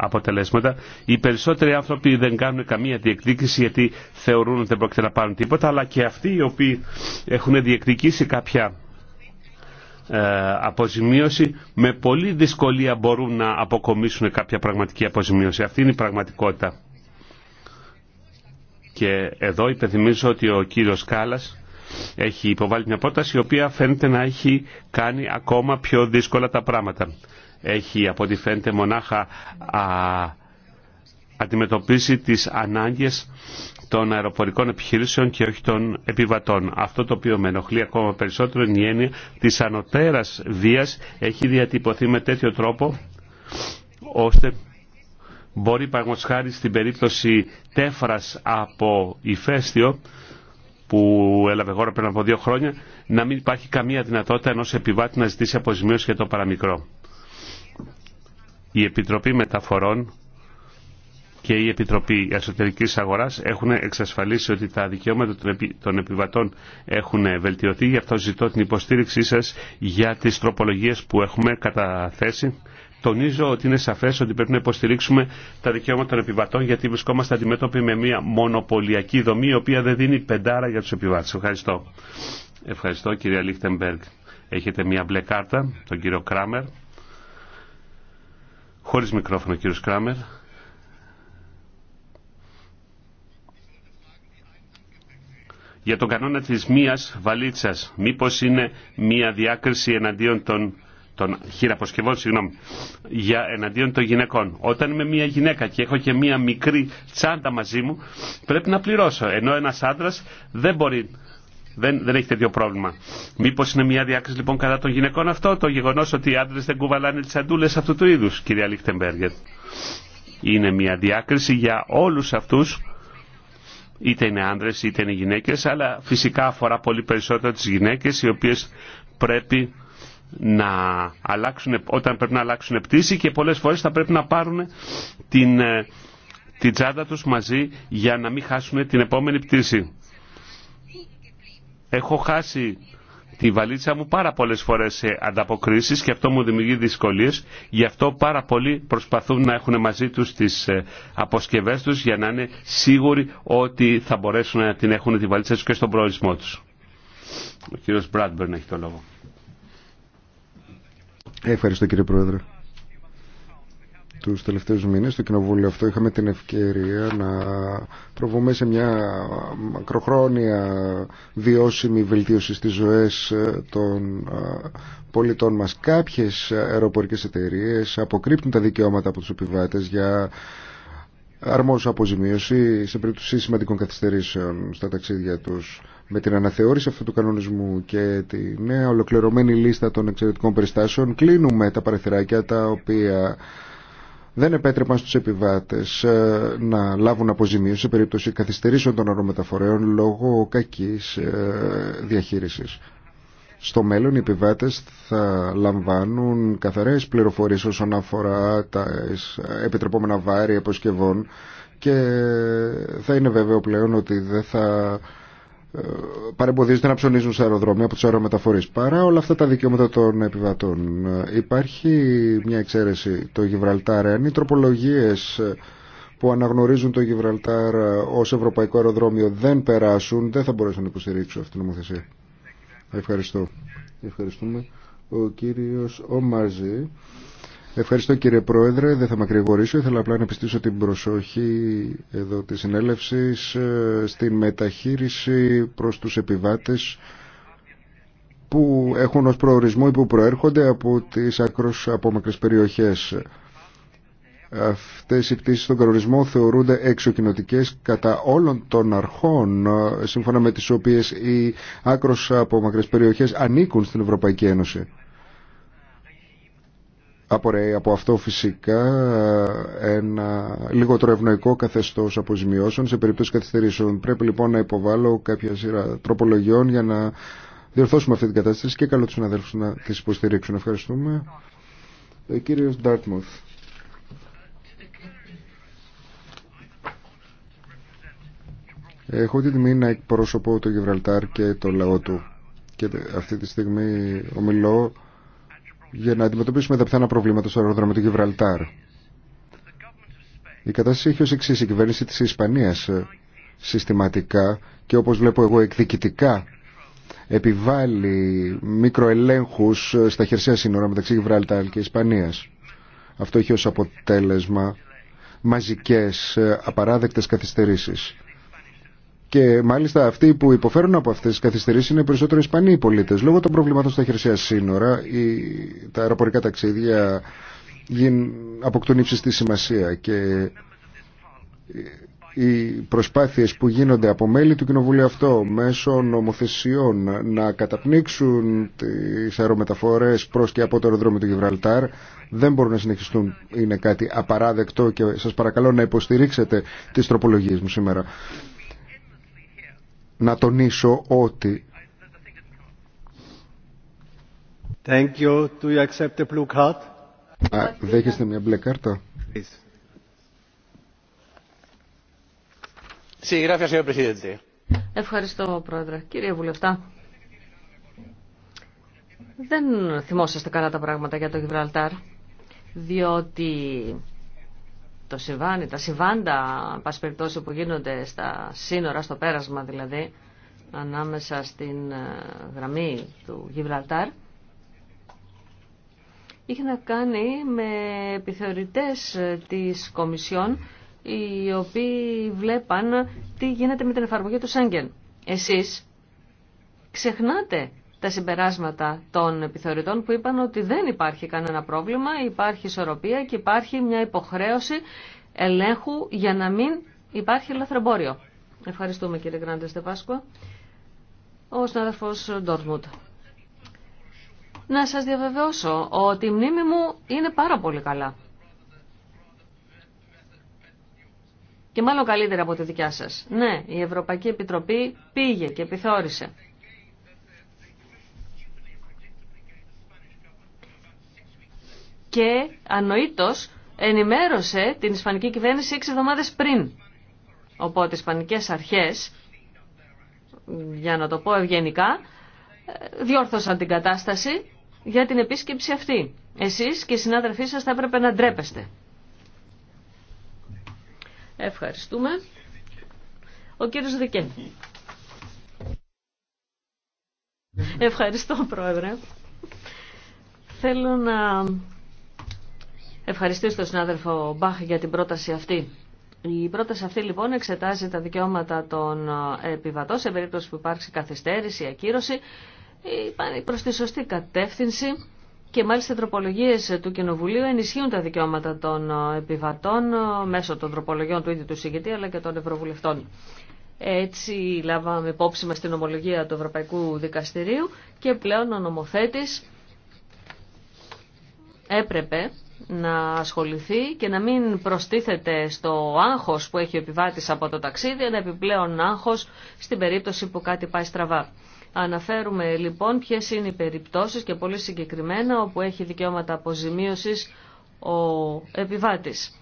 αποτελέσματα. Οι περισσότεροι άνθρωποι δεν κάνουν καμία διεκδίκηση γιατί θεωρούν ότι δεν πρόκειται να πάρουν τίποτα, αλλά και αυτοί οι οποίοι έχουν διεκδικήσει κάποια ε, αποζημίωση με πολύ δυσκολία μπορούν να αποκομίσουν κάποια πραγματική αποζημίωση. Αυτή είναι η πραγματικότητα. Και εδώ υπενθυμίζω ότι ο κύριος Κάλλας έχει υποβάλει μια πρόταση η οποία φαίνεται να έχει κάνει ακόμα πιο δύσκολα τα πράγματα. Έχει από ό,τι φαίνεται μονάχα α, αντιμετωπίσει τις ανάγκες των αεροπορικών επιχειρήσεων και όχι των επιβατών. Αυτό το οποίο με ενοχλεί ακόμα περισσότερο είναι η έννοια της ανωτέρα βία έχει διατυπωθεί με τέτοιο τρόπο ώστε μπορεί χάρη στην περίπτωση τέφρας από ηφαίστειο που έλαβε χώρα πριν από δύο χρόνια να μην υπάρχει καμία δυνατότητα ενός επιβάτη να ζητήσει αποζημίωση για το παραμικρό. Η Επιτροπή Μεταφορών και η Επιτροπή Εσωτερικής Αγορά έχουν εξασφαλίσει ότι τα δικαιώματα των επιβατών έχουν βελτιωθεί. Γι' αυτό ζητώ την υποστήριξή σα για τι τροπολογίε που έχουμε καταθέσει. Τονίζω ότι είναι σαφέ ότι πρέπει να υποστηρίξουμε τα δικαιώματα των επιβατών γιατί βρισκόμαστε αντιμέτωποι με μια μονοπωλιακή δομή η οποία δεν δίνει πεντάρα για του επιβάτε. Ευχαριστώ. Ευχαριστώ κυρία Λίχτεμπεργκ. Έχετε μια μπλε κάρτα, τον κύριο Κράμερ. Χωρίς μικρόφωνο κύριος Κράμερ. για τον κανόνα της μίας βαλίτσας. Μήπως είναι μία διάκριση εναντίον των, των χειραποσκευών, συγγνώμη, για εναντίον των γυναικών. Όταν είμαι μία γυναίκα και έχω και μία μικρή τσάντα μαζί μου, πρέπει να πληρώσω. Ενώ ένας άντρας δεν μπορεί δεν, δεν έχει τέτοιο πρόβλημα. Μήπω είναι μια διάκριση λοιπόν κατά των γυναικών αυτό, το γεγονό ότι οι άντρε δεν κουβαλάνε τι αντούλε αυτού του είδου, κυρία Λίχτεμπεργκερ. Είναι μια διάκριση για όλου αυτού είτε είναι άνδρες είτε είναι γυναίκες, αλλά φυσικά αφορά πολύ περισσότερο τις γυναίκες οι οποίες πρέπει να αλλάξουν, όταν πρέπει να αλλάξουν πτήση και πολλές φορές θα πρέπει να πάρουν την, ε, την τσάντα τους μαζί για να μην χάσουν την επόμενη πτήση. Έχω χάσει τη βαλίτσα μου πάρα πολλές φορές σε ανταποκρίσεις και αυτό μου δημιουργεί δυσκολίες. Γι' αυτό πάρα πολλοί προσπαθούν να έχουν μαζί τους τις ε, αποσκευές τους για να είναι σίγουροι ότι θα μπορέσουν να την έχουν τη βαλίτσα τους και στον προορισμό τους. Ο κύριος Μπράντμπερν έχει το λόγο. Ευχαριστώ κύριε Πρόεδρε τους τελευταίους μήνες στο κοινοβούλιο αυτό είχαμε την ευκαιρία να προβούμε σε μια μακροχρόνια βιώσιμη βελτίωση στις ζωές ε, των ε, πολιτών μας. Κάποιες αεροπορικές εταιρείες αποκρύπτουν τα δικαιώματα από τους επιβάτες για αρμόζουσα αποζημίωση σε περίπτωση σημαντικών καθυστερήσεων στα ταξίδια τους. Με την αναθεώρηση αυτού του κανονισμού και τη νέα ολοκληρωμένη λίστα των εξαιρετικών περιστάσεων κλείνουμε τα παραθυράκια τα οποία δεν επέτρεπαν στους επιβάτες ε, να λάβουν αποζημίωση σε περίπτωση καθυστερήσεων των αερομεταφορέων λόγω κακής ε, διαχείρισης. Στο μέλλον οι επιβάτες θα λαμβάνουν καθαρές πληροφορίες όσον αφορά τα επιτρεπόμενα βάρη αποσκευών και θα είναι βέβαιο πλέον ότι δεν θα παρεμποδίζεται να ψωνίζουν σε αεροδρόμια από του αερομεταφορεί. Παρά όλα αυτά τα δικαιώματα των επιβατών, ε, υπάρχει μια εξαίρεση. Το Γιβραλτάρ, αν οι τροπολογίε ε, που αναγνωρίζουν το Γιβραλτάρ ε, ω ευρωπαϊκό αεροδρόμιο δεν περάσουν, δεν θα μπορέσω να υποστηρίξω αυτή την νομοθεσία. Ευχαριστώ. Ευχαριστούμε. Ο κύριος Ομάζη Ευχαριστώ κύριε Πρόεδρε, δεν θα μακρηγορήσω, ήθελα απλά να επιστήσω την προσοχή εδώ της συνέλευσης ε, στην μεταχείριση προς τους επιβάτες που έχουν ως προορισμό ή που προέρχονται από τις άκρως απόμακρες περιοχές. Αυτές οι πτήσεις στον κανονισμό θεωρούνται εξοκοινωτικές κατά όλων των αρχών ε, σύμφωνα με τις οποίες οι άκρως μακρές περιοχές ανήκουν στην Ευρωπαϊκή Ένωση. Απορρέει από αυτό φυσικά ε, ένα λίγο ευνοϊκό καθεστώς αποζημιώσεων σε περίπτωση καθυστερήσεων. Πρέπει λοιπόν να υποβάλω κάποια σειρά τροπολογιών για να διορθώσουμε αυτή την κατάσταση και καλό τους συναδέλφους να τις υποστηρίξουν. Ευχαριστούμε. Ο ε, κύριος Ντάρτμουθ. Έχω την τιμή να εκπρόσωπω το Γιβραλτάρ και το λαό του. Και αυτή τη στιγμή ομιλώ για να αντιμετωπίσουμε τα πιθανά προβλήματα στο αεροδρόμιο του Γιβραλτάρ. Η κατάσταση έχει ως εξής. Η κυβέρνηση της Ισπανίας ε, συστηματικά και όπως βλέπω εγώ εκδικητικά επιβάλλει μικροελέγχους ε, στα χερσαία σύνορα μεταξύ Γιβραλτάρ και Ισπανίας. Αυτό έχει ως αποτέλεσμα μαζικές ε, απαράδεκτες καθυστερήσεις. Και μάλιστα αυτοί που υποφέρουν από αυτέ τι καθυστερήσει είναι περισσότερο Ισπανοί πολίτε. Λόγω των προβλημάτων στα χερσαία σύνορα, η, τα αεροπορικά ταξίδια γίν, αποκτούν ύψιστη σημασία. Και οι προσπάθειες που γίνονται από μέλη του Κοινοβουλίου αυτό μέσω νομοθεσιών να καταπνίξουν τις αερομεταφορές προς και από το αεροδρόμιο του Γιβραλτάρ δεν μπορούν να συνεχιστούν. Είναι κάτι απαράδεκτο και σας παρακαλώ να υποστηρίξετε τις τροπολογίες μου σήμερα να τονίσω ότι Thank you. Do you accept the blue card? Α, δέχεστε μια μπλε κάρτα. Ευχαριστώ, Πρόεδρε. Κύριε Βουλευτά, δεν θυμόσαστε καλά τα πράγματα για το Γιβραλτάρ, διότι το τα συμβάντα πας που γίνονται στα σύνορα, στο πέρασμα δηλαδή, ανάμεσα στην ε, γραμμή του Γιβραλτάρ, είχε να κάνει με επιθεωρητές ε, της Κομισιόν, οι οποίοι βλέπαν τι γίνεται με την εφαρμογή του Σέγγεν. Εσείς ξεχνάτε τα συμπεράσματα των επιθεωρητών που είπαν ότι δεν υπάρχει κανένα πρόβλημα, υπάρχει ισορροπία και υπάρχει μια υποχρέωση ελέγχου για να μην υπάρχει λαθρεμπόριο. Ευχαριστούμε κύριε Γκράντε Στεπάσκο. Ο συνάδελφος Ντόρμουτ. Να σας διαβεβαιώσω ότι η μνήμη μου είναι πάρα πολύ καλά. Και μάλλον καλύτερα από τη δικιά σας. Ναι, η Ευρωπαϊκή Επιτροπή πήγε και επιθεώρησε. και ανοήτως ενημέρωσε την Ισπανική κυβέρνηση έξι εβδομάδες πριν. Οπότε οι Ισπανικές αρχές, για να το πω ευγενικά, διόρθωσαν την κατάσταση για την επίσκεψη αυτή. Εσείς και οι συνάδελφοί σας θα έπρεπε να ντρέπεστε. Ευχαριστούμε. Ο κύριος Δικέν. Ευχαριστώ, Πρόεδρε. Θέλω να Ευχαριστώ τον συνάδελφο Μπαχ για την πρόταση αυτή. Η πρόταση αυτή λοιπόν εξετάζει τα δικαιώματα των ε, επιβατών σε περίπτωση που υπάρξει καθυστέρηση, ακύρωση, πάνε προς τη σωστή κατεύθυνση και μάλιστα οι τροπολογίες του Κοινοβουλίου ενισχύουν τα δικαιώματα των ε, επιβατών ε, μέσω των τροπολογιών του ίδιου του συγκεκριτή αλλά και των ευρωβουλευτών. Έτσι λάβαμε υπόψη μας την ομολογία του Ευρωπαϊκού Δικαστηρίου και πλέον ο νομοθέτης έπρεπε να ασχοληθεί και να μην προστίθεται στο άγχος που έχει ο επιβάτης από το ταξίδι ένα επιπλέον άγχος στην περίπτωση που κάτι πάει στραβά. Αναφέρουμε λοιπόν ποιες είναι οι περιπτώσεις και πολύ συγκεκριμένα όπου έχει δικαιώματα αποζημίωσης ο επιβάτης.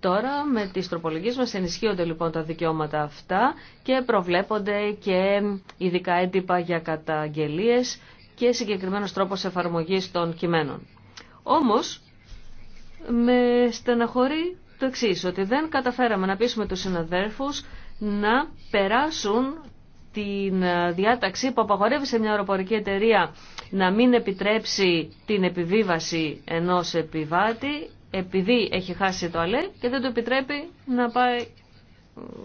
Τώρα με τις τροπολογίες μας ενισχύονται λοιπόν τα δικαιώματα αυτά και προβλέπονται και ειδικά έντυπα για καταγγελίες και συγκεκριμένος τρόπος εφαρμογής των κειμένων. Όμως με στεναχωρεί το εξή, ότι δεν καταφέραμε να πείσουμε τους συναδέρφους να περάσουν την ε, διάταξη που απαγορεύει σε μια αεροπορική εταιρεία να μην επιτρέψει την επιβίβαση ενός επιβάτη επειδή έχει χάσει το αλέ και δεν το επιτρέπει να πάει ε,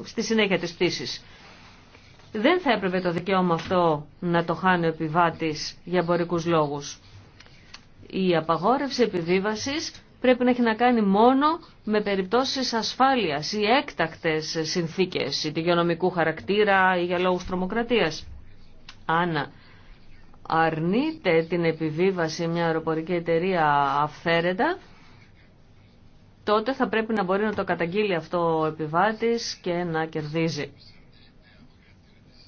στη συνέχεια της πτήσης. Δεν θα έπρεπε το δικαίωμα αυτό να το χάνει ο επιβάτης για εμπορικούς λόγους. Η απαγόρευση επιβίβασης πρέπει να έχει να κάνει μόνο με περιπτώσεις ασφάλειας ή έκτακτες συνθήκες, είτε υγειονομικού χαρακτήρα ή για λόγους τρομοκρατίας. Αν αρνείται την επιβίβαση μια αεροπορική εταιρεία αυθαίρετα, τότε θα πρέπει να μπορεί να το καταγγείλει αυτό ο επιβάτης και να κερδίζει.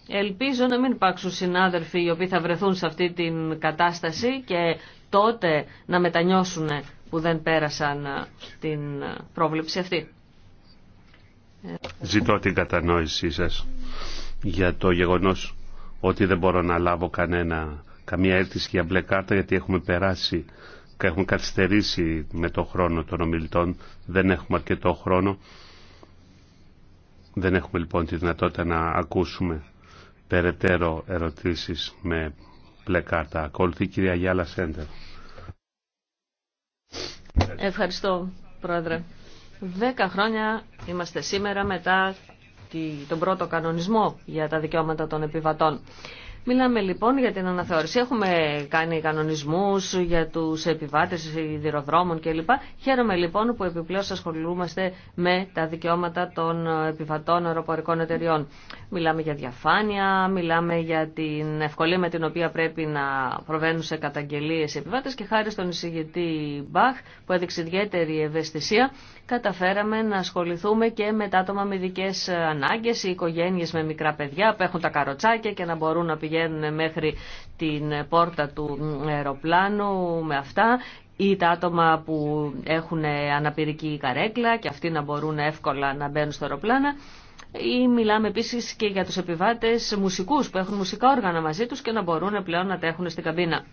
Ελπίζω να μην υπάρξουν συνάδελφοι οι οποίοι θα βρεθούν σε αυτή την κατάσταση και τότε να μετανιώσουν που δεν πέρασαν την πρόβλεψη αυτή. Ζητώ την κατανόησή σας για το γεγονός ότι δεν μπορώ να λάβω κανένα, καμία αίτηση για μπλε κάρτα γιατί έχουμε περάσει και έχουμε καθυστερήσει με το χρόνο των ομιλητών. Δεν έχουμε αρκετό χρόνο. Δεν έχουμε λοιπόν τη δυνατότητα να ακούσουμε περαιτέρω ερωτήσεις με μπλε κάρτα. Ακολουθεί η κυρία Γιάλα Σέντερ. Ευχαριστώ, Πρόεδρε. Δέκα χρόνια είμαστε σήμερα μετά τον πρώτο κανονισμό για τα δικαιώματα των επιβατών. Μιλάμε λοιπόν για την αναθεώρηση. Έχουμε κάνει κανονισμού για τους επιβάτες σιδηροδρόμων κλπ. Χαίρομαι λοιπόν που επιπλέον ασχολούμαστε με τα δικαιώματα των επιβατών αεροπορικών εταιριών. Μιλάμε για διαφάνεια, μιλάμε για την ευκολία με την οποία πρέπει να προβαίνουν σε καταγγελίε οι επιβάτε και χάρη στον εισηγητή Μπαχ που έδειξε ιδιαίτερη ευαισθησία καταφέραμε να ασχοληθούμε και με τα άτομα με ειδικέ ανάγκε οι οικογένειε με μικρά παιδιά που έχουν τα καροτσάκια και να μπορούν να πηγαίνουν πηγαίνουν μέχρι την πόρτα του αεροπλάνου με αυτά ή τα άτομα που έχουν αναπηρική καρέκλα και αυτοί να μπορούν εύκολα να μπαίνουν στο αεροπλάνα. Ή μιλάμε επίσης και για τους επιβάτες μουσικούς που έχουν μουσικά όργανα μαζί τους και να μπορούν πλέον να τα έχουν στην καμπίνα.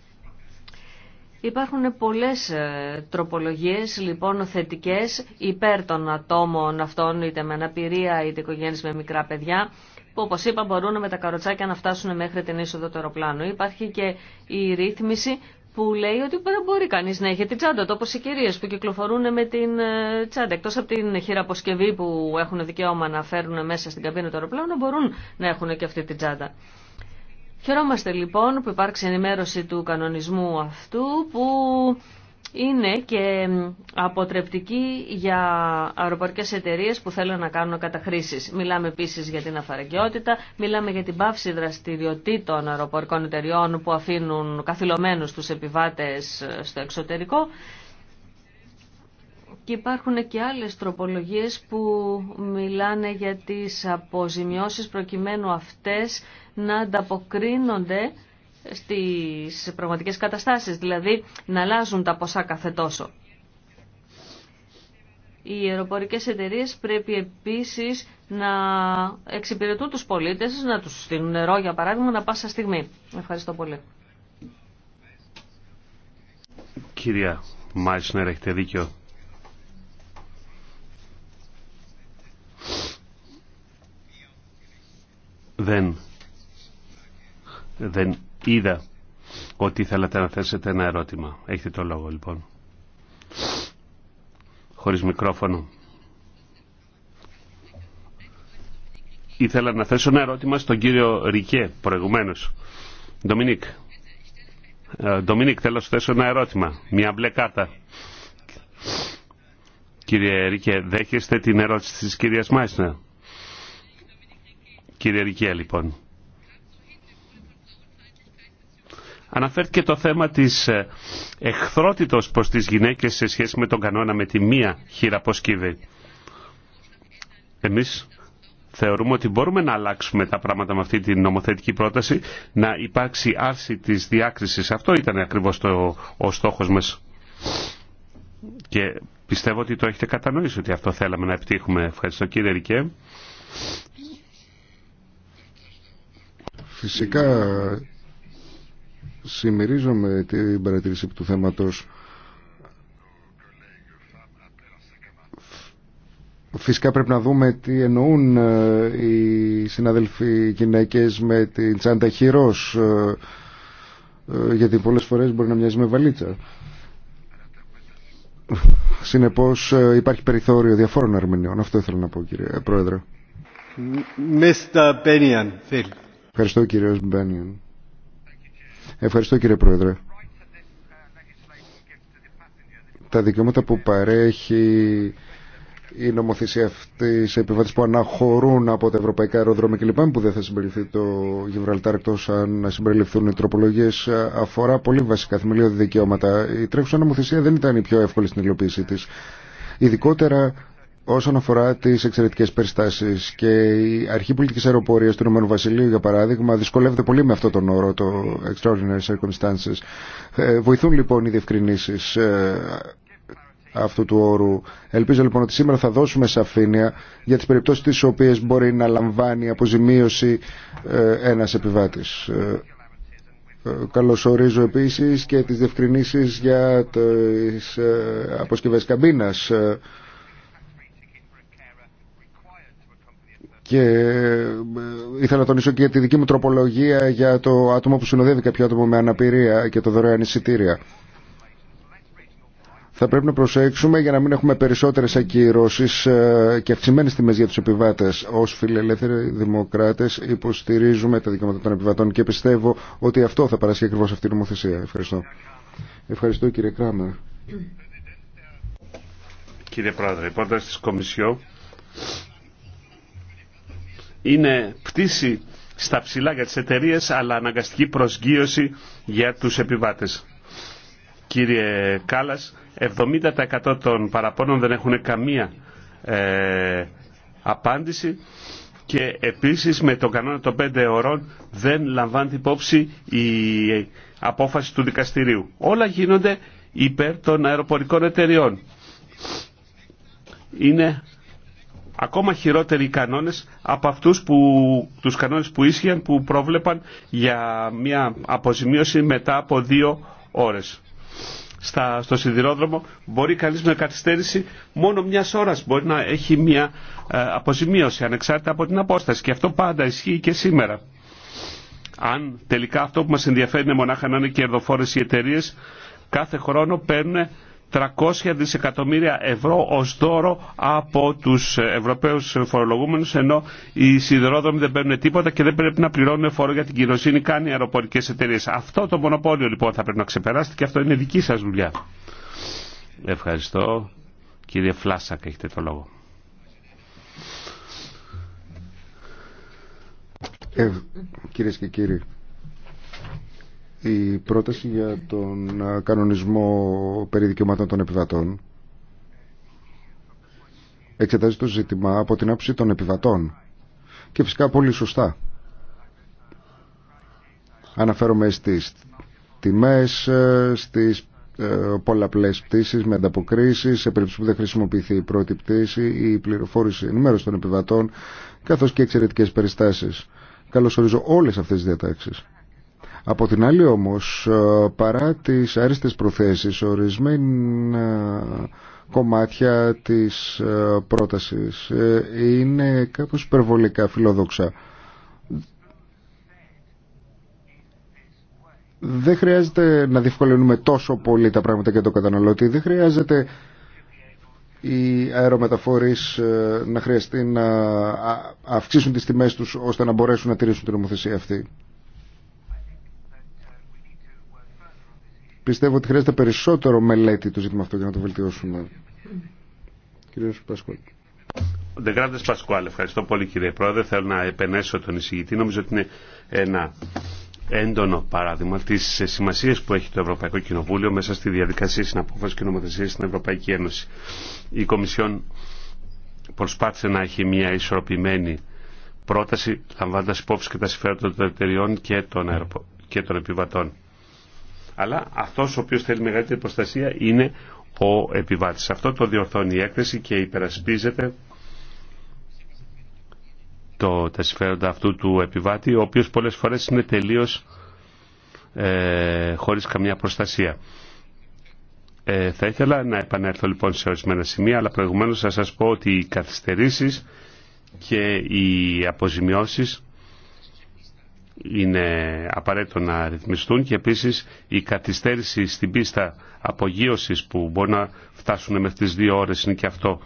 Υπάρχουν πολλές ε, τροπολογίες λοιπόν θετικές υπέρ των ατόμων αυτών είτε με αναπηρία είτε οικογένειες με μικρά παιδιά που όπως είπα μπορούν με τα καροτσάκια να φτάσουν μέχρι την είσοδο του αεροπλάνου. Υπάρχει και η ρύθμιση που λέει ότι δεν μπορεί κανείς να έχει την τσάντα όπω οι κυρίες που κυκλοφορούν με την ε, τσάντα. Εκτός από την χειραποσκευή που έχουν δικαίωμα να φέρουν μέσα στην καμπίνα του αεροπλάνου, μπορούν να έχουν και αυτή την τσάντα. Χαιρόμαστε λοιπόν που υπάρξει ενημέρωση του κανονισμού αυτού που είναι και αποτρεπτική για αεροπορικές εταιρείες που θέλουν να κάνουν καταχρήσεις. Μιλάμε επίσης για την αφαραγκαιότητα, μιλάμε για την πάυση δραστηριοτήτων αεροπορικών εταιριών που αφήνουν καθυλωμένους τους επιβάτες ε, στο εξωτερικό. Και υπάρχουν και άλλες τροπολογίες που μιλάνε για τις αποζημιώσεις προκειμένου αυτές να ανταποκρίνονται στις πραγματικές καταστάσεις, δηλαδή να αλλάζουν τα ποσά κάθε τόσο. Οι αεροπορικές εταιρείες πρέπει επίσης να εξυπηρετούν τους πολίτες, να τους στείλουν νερό για παράδειγμα, να πάσα στιγμή. Ευχαριστώ πολύ. Κυρία Μάισνερ, έχετε δίκιο. Δεν, δεν Είδα ότι θέλατε να θέσετε ένα ερώτημα. Έχετε το λόγο λοιπόν. Χωρίς μικρόφωνο. Ήθελα να θέσω ένα ερώτημα στον κύριο Ρικέ προηγουμένως. Ντομινίκ. Ε, Ντομινίκ, θέλω να σου θέσω ένα ερώτημα. Μια μπλε κάρτα. Κύριε Ρικέ, δέχεστε την ερώτηση της κυρίας Μάισνα. Κύριε Ρικέ, λοιπόν. Αναφέρθηκε το θέμα της ε, εχθρότητος προς τις γυναίκες σε σχέση με τον κανόνα με τη μία χείρα Εμείς θεωρούμε ότι μπορούμε να αλλάξουμε τα πράγματα με αυτή την νομοθετική πρόταση, να υπάρξει άρση της διάκρισης. Αυτό ήταν ακριβώς το, ο στόχος μας. Και πιστεύω ότι το έχετε κατανοήσει ότι αυτό θέλαμε να επιτύχουμε. Ευχαριστώ κύριε Ρικέ. Φυσικά συμμερίζομαι την παρατήρηση του θέματος Φυσικά πρέπει να δούμε τι εννοούν ε, οι συναδελφοί γυναίκες με την τσάντα χειρός ε, ε, γιατί πολλές φορές μπορεί να μοιάζει με βαλίτσα. Συνεπώς υπάρχει περιθώριο διαφόρων αρμενιών. Αυτό ήθελα να πω κύριε Πρόεδρε. Mr. Ευχαριστώ κύριε Μπένιον. Ευχαριστώ κύριε Πρόεδρε. Τα δικαιώματα που παρέχει η νομοθεσία αυτή σε επιβάτε που αναχωρούν από τα ευρωπαϊκά αεροδρόμια και που δεν θα συμπεριληφθεί το Γιβραλτάρ εκτό αν συμπεριληφθούν οι τροπολογίε αφορά πολύ βασικά θεμελιώδη δικαιώματα. Η τρέχουσα νομοθεσία δεν ήταν η πιο εύκολη στην υλοποίησή τη. Ειδικότερα όσον αφορά τι εξαιρετικέ περιστάσει. Και η αρχή πολιτική αεροπορία του Ηνωμένου Βασιλείου, για παράδειγμα, δυσκολεύεται πολύ με αυτόν τον όρο, το extraordinary circumstances. Ε, βοηθούν λοιπόν οι διευκρινήσει ε, αυτού του όρου. Ελπίζω λοιπόν ότι σήμερα θα δώσουμε σαφήνεια για τις περιπτώσεις τι οποίες μπορεί να λαμβάνει αποζημίωση ε, ένας επιβάτης. Καλωσορίζω επίσης και τις διευκρινήσεις για τις αποσκευές καμπίνας. Και ε, ήθελα να τονίσω και τη δική μου τροπολογία για το άτομο που συνοδεύει κάποιο άτομο με αναπηρία και το δωρεάν εισιτήρια. Θα πρέπει να προσέξουμε για να μην έχουμε περισσότερες ακυρώσεις ε, και αυξημένες τιμές για τους επιβάτες. Ως φιλελεύθεροι δημοκράτες υποστηρίζουμε τα δικαιώματα των επιβατών και πιστεύω ότι αυτό θα παρασχεί ακριβώ αυτή η νομοθεσία. Ευχαριστώ. Ευχαριστώ κύριε Κράμερ. Κύριε Πρόεδρε, Κομισιό είναι πτήση στα ψηλά για τις εταιρείε, αλλά αναγκαστική προσγείωση για τους επιβάτες. Κύριε Κάλλας, 70% των παραπώνων δεν έχουν καμία ε, απάντηση και επίσης με τον κανόνα των 5 ωρών δεν λαμβάνει υπόψη η απόφαση του δικαστηρίου. Όλα γίνονται υπέρ των αεροπορικών εταιριών. Είναι ακόμα χειρότεροι κανόνες από αυτούς που, τους κανόνες που ίσχυαν που πρόβλεπαν για μια αποζημίωση μετά από δύο ώρες. Στα, στο σιδηρόδρομο μπορεί κανείς με καθυστέρηση μόνο μια ώρας μπορεί να έχει μια ε, αποζημίωση ανεξάρτητα από την απόσταση και αυτό πάντα ισχύει και σήμερα. Αν τελικά αυτό που μας ενδιαφέρει είναι μονάχα να είναι κερδοφόρες οι εταιρείε, κάθε χρόνο παίρνουν 300 δισεκατομμύρια ευρώ ως δώρο από τους Ευρωπαίους φορολογούμενους ενώ οι σιδηρόδρομοι δεν παίρνουν τίποτα και δεν πρέπει να πληρώνουν φόρο για την κυροσύνη καν οι αεροπορικές εταιρείες. Αυτό το μονοπόλιο λοιπόν θα πρέπει να ξεπεράσετε και αυτό είναι δική σας δουλειά. Ευχαριστώ. Κύριε Φλάσακ έχετε το λόγο. Ε, κυρίες και κύριοι η πρόταση για τον ε, κανονισμό περί δικαιωμάτων των επιβατών εξετάζει το ζήτημα από την άποψη των επιβατών και φυσικά πολύ σωστά. Αναφέρομαι στις τιμές, ε, στις ε, πολλαπλές πτήσεις με ανταποκρίσεις σε περίπτωση που δεν χρησιμοποιηθεί η πρώτη πτήση η πληροφόρηση ενημέρωση των επιβατών καθώς και εξαιρετικές περιστάσεις. Καλώς ορίζω όλες αυτές τις διατάξεις. Από την άλλη όμως, ε, παρά τις άριστες προθέσεις, ορισμένα κομμάτια της ε, πρότασης ε, είναι κάπως υπερβολικά φιλοδόξα. Δεν χρειάζεται να διευκολύνουμε τόσο πολύ τα πράγματα για το καταναλωτή. Δεν χρειάζεται οι αερομεταφορείς να χρειαστεί να αυξήσουν τις τιμές τους ώστε να μπορέσουν να τηρήσουν την νομοθεσία αυτή. Πιστεύω ότι χρειάζεται περισσότερο μελέτη το ζήτημα αυτό για να το βελτιώσουμε. Κύριε Πασκόλ. Ντεγκράντε Πασκουάλ, ευχαριστώ πολύ κύριε Πρόεδρε. Θέλω να επενέσω τον εισηγητή. Νομίζω ότι είναι ένα έντονο παράδειγμα τη σημασία που έχει το Ευρωπαϊκό Κοινοβούλιο μέσα στη διαδικασία συναπόφαση και νομοθεσία στην Ευρωπαϊκή Ένωση. Η Κομισιόν προσπάθησε να έχει μια ισορροπημένη πρόταση, λαμβάνοντα υπόψη και τα συμφέροντα των εταιριών και των, και των επιβατών αλλά αυτό ο οποίο θέλει μεγαλύτερη προστασία είναι ο επιβάτης. Αυτό το διορθώνει η έκθεση και υπερασπίζεται το, τα συμφέροντα αυτού του επιβάτη, ο οποίο πολλές φορές είναι τελείω ε, χωρίς καμιά προστασία. Ε, θα ήθελα να επανέλθω λοιπόν σε ορισμένα σημεία, αλλά προηγουμένως θα σας πω ότι οι καθυστερήσεις και οι αποζημιώσεις είναι απαραίτητο να ρυθμιστούν και επίσης η καθυστέρηση στην πίστα απογείωσης που μπορεί να φτάσουν μέχρι τις δύο ώρες είναι και αυτό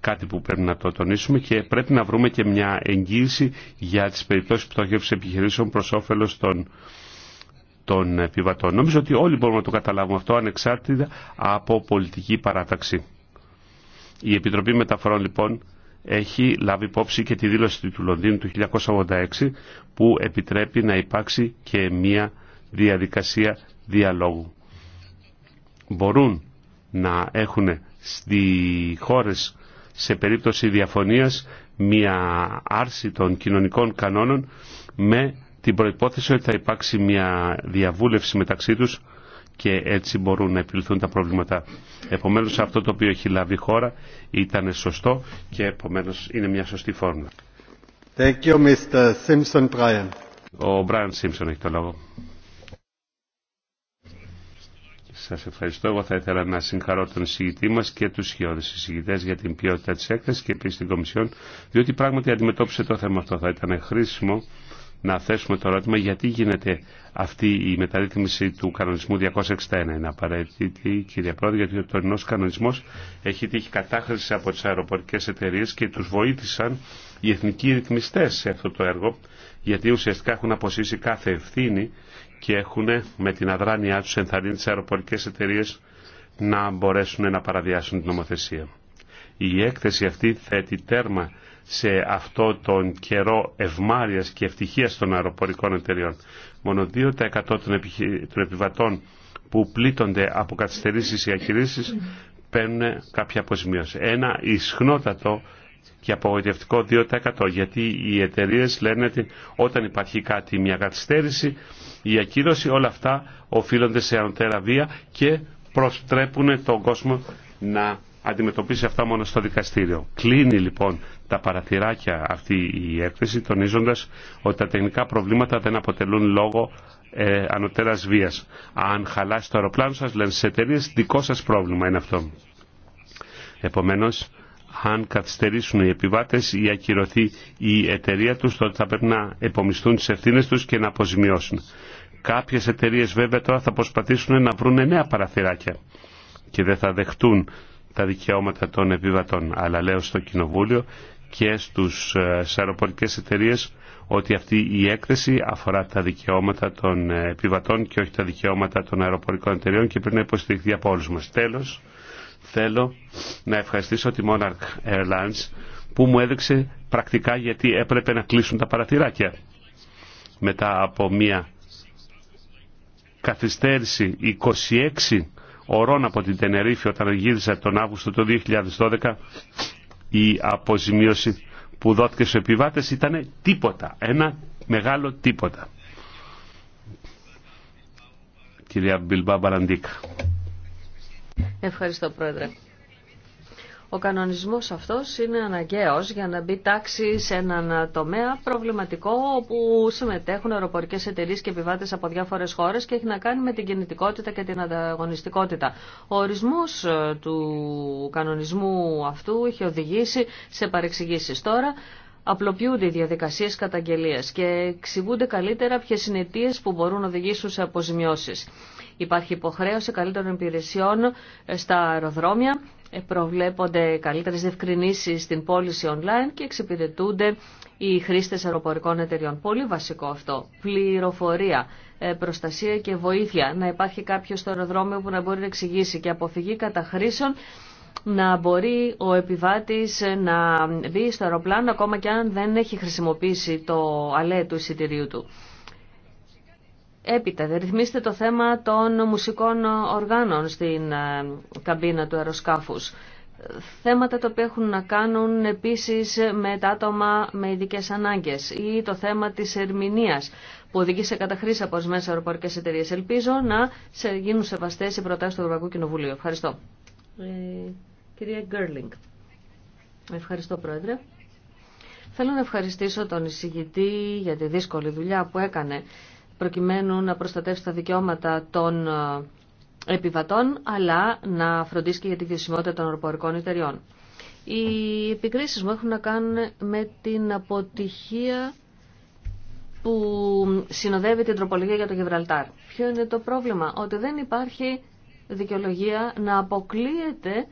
κάτι που πρέπει να το τονίσουμε και πρέπει να βρούμε και μια εγγύηση για τις περιπτώσεις πτώχευσης επιχειρήσεων προς όφελος των των επιβατών. Νομίζω ότι όλοι μπορούμε να το καταλάβουμε αυτό ανεξάρτητα από πολιτική παράταξη. Η Επιτροπή Μεταφορών λοιπόν έχει λάβει υπόψη και τη δήλωση του Λονδίνου του 1986 που επιτρέπει να υπάρξει και μία διαδικασία διαλόγου. Μπορούν να έχουν στι χώρες σε περίπτωση διαφωνίας μία άρση των κοινωνικών κανόνων με την προϋπόθεση ότι θα υπάρξει μία διαβούλευση μεταξύ τους και έτσι μπορούν να επιληθούν τα προβλήματα. Επομένως αυτό το οποίο έχει λάβει η χώρα ήταν σωστό και επομένως είναι μια σωστή φόρμα. Thank you, Mr. Simpson, Brian. Ο Brian Simpson έχει το λόγο. Σας ευχαριστώ. Εγώ θα ήθελα να συγχαρώ τον συγητή μας και τους σχεδόν συγητέ για την ποιότητα της έκθεσης και επίσης την Κομισιόν, διότι πράγματι αντιμετώπισε το θέμα αυτό. Θα ήταν χρήσιμο να θέσουμε το ερώτημα γιατί γίνεται αυτή η μεταρρύθμιση του κανονισμού 261. Είναι απαραίτητη, κύριε Πρόεδρε, γιατί ο τωρινό κανονισμό έχει τύχει κατάχρηση από τι αεροπορικέ εταιρείε και του βοήθησαν οι εθνικοί ρυθμιστέ σε αυτό το έργο, γιατί ουσιαστικά έχουν αποσύσει κάθε ευθύνη και έχουν με την αδράνειά του ενθαρρύνει τι αεροπορικέ εταιρείε να μπορέσουν να παραβιάσουν την νομοθεσία. Η έκθεση αυτή θέτει τέρμα σε αυτό τον καιρό ευμάρειας και ευτυχίας των αεροπορικών εταιριών. Μόνο 2% των, επιβατών που πλήττονται από καθυστερήσεις ή ακυρίσεις παίρνουν κάποια αποζημίωση. Ένα ισχνότατο και απογοητευτικό 2% γιατί οι εταιρείε λένε ότι όταν υπάρχει κάτι, μια καθυστέρηση, η ακύρωση, όλα αυτά αποσμίωση. σε ανωτέρα βία και προστρέπουν τον κόσμο να αντιμετωπίσει αυτά μόνο στο δικαστήριο. Κλείνει λοιπόν τα παραθυράκια αυτή η έκθεση, τονίζοντας ότι τα τεχνικά προβλήματα δεν αποτελούν λόγο ε, ανωτέρας βίας. Αν χαλάσει το αεροπλάνο σας, λένε στις εταιρείες, δικό σας πρόβλημα είναι αυτό. Επομένως, αν καθυστερήσουν οι επιβάτες ή ακυρωθεί η εταιρεία τους, τότε θα πρέπει να επομιστούν τις ευθύνες τους και να αποζημιώσουν. Κάποιες εταιρείες βέβαια τώρα θα προσπαθήσουν να βρουν νέα παραθυράκια και δεν θα δεχτούν τα δικαιώματα των επιβατών. Αλλά λέω στο Κοινοβούλιο και στους, ε, αεροπορικές εταιρείες ότι αυτή η έκθεση αφορά τα δικαιώματα των ε, επιβατών και όχι τα δικαιώματα των αεροπορικών εταιρείων και πρέπει να υποστηριχθεί από όλους μας. Τέλος, θέλω να ευχαριστήσω τη Monarch Airlines που μου έδειξε πρακτικά γιατί έπρεπε να κλείσουν τα παραθυράκια. Μετά από μια καθυστέρηση 26 ωρών από την Τενερίφη όταν γύρισα τον Αύγουστο του 2012 η αποζημίωση που δόθηκε στους επιβάτες ήταν τίποτα, ένα μεγάλο τίποτα. Κυρία Μπιλμπά Μπαραντίκα. Ευχαριστώ Πρόεδρε. Ο κανονισμός αυτός είναι αναγκαίος για να μπει τάξη σε έναν τομέα προβληματικό όπου συμμετέχουν αεροπορικές εταιρείες και επιβάτες από διάφορες χώρες και έχει να κάνει με την κινητικότητα και την ανταγωνιστικότητα. Ο ορισμός ε, του κανονισμού αυτού έχει οδηγήσει σε παρεξηγήσεις τώρα. Απλοποιούνται οι διαδικασίες καταγγελίας και εξηγούνται καλύτερα ποιες είναι οι που μπορούν να οδηγήσουν σε αποζημιώσεις. Υπάρχει υποχρέωση καλύτερων υπηρεσιών ε, στα αεροδρόμια ε, προβλέπονται καλύτερες διευκρινήσεις στην πώληση online και εξυπηρετούνται οι χρήστες αεροπορικών εταιριών. Πολύ βασικό αυτό. Πληροφορία, ε, προστασία και βοήθεια. Να υπάρχει κάποιο στο αεροδρόμιο που να μπορεί να εξηγήσει και αποφυγή χρήσεων να μπορεί ο επιβάτης ε, να μπει στο αεροπλάνο ακόμα και αν δεν έχει χρησιμοποιήσει το αλέ του εισιτηρίου του. Έπειτα, ρυθμίστε το θέμα των μουσικών οργάνων στην ε, καμπίνα του αεροσκάφους. Θέματα τα οποία έχουν να κάνουν επίσης με τα άτομα με ειδικές ανάγκες ή το θέμα της ερμηνείας που οδηγεί σε καταχρήση από ορισμένε αεροπορικές εταιρείε. Ελπίζω να σε γίνουν σεβαστές οι προτάσεις του Ευρωπαϊκού Κοινοβουλίου. Ευχαριστώ. Ε, κυρία Γκέρλινγκ. Ευχαριστώ, Πρόεδρε. Θέλω να ευχαριστήσω τον εισηγητή για τη δύσκολη δουλειά που έκανε προκειμένου να προστατεύσει τα δικαιώματα των ε, επιβατών, αλλά να φροντίσει και για τη βιωσιμότητα των αεροπορικών εταιριών. Οι επικρίσεις μου έχουν να κάνουν με την αποτυχία που συνοδεύει την τροπολογία για το Γεβραλτάρ. Ποιο είναι το πρόβλημα, ότι δεν υπάρχει δικαιολογία να αποκλείεται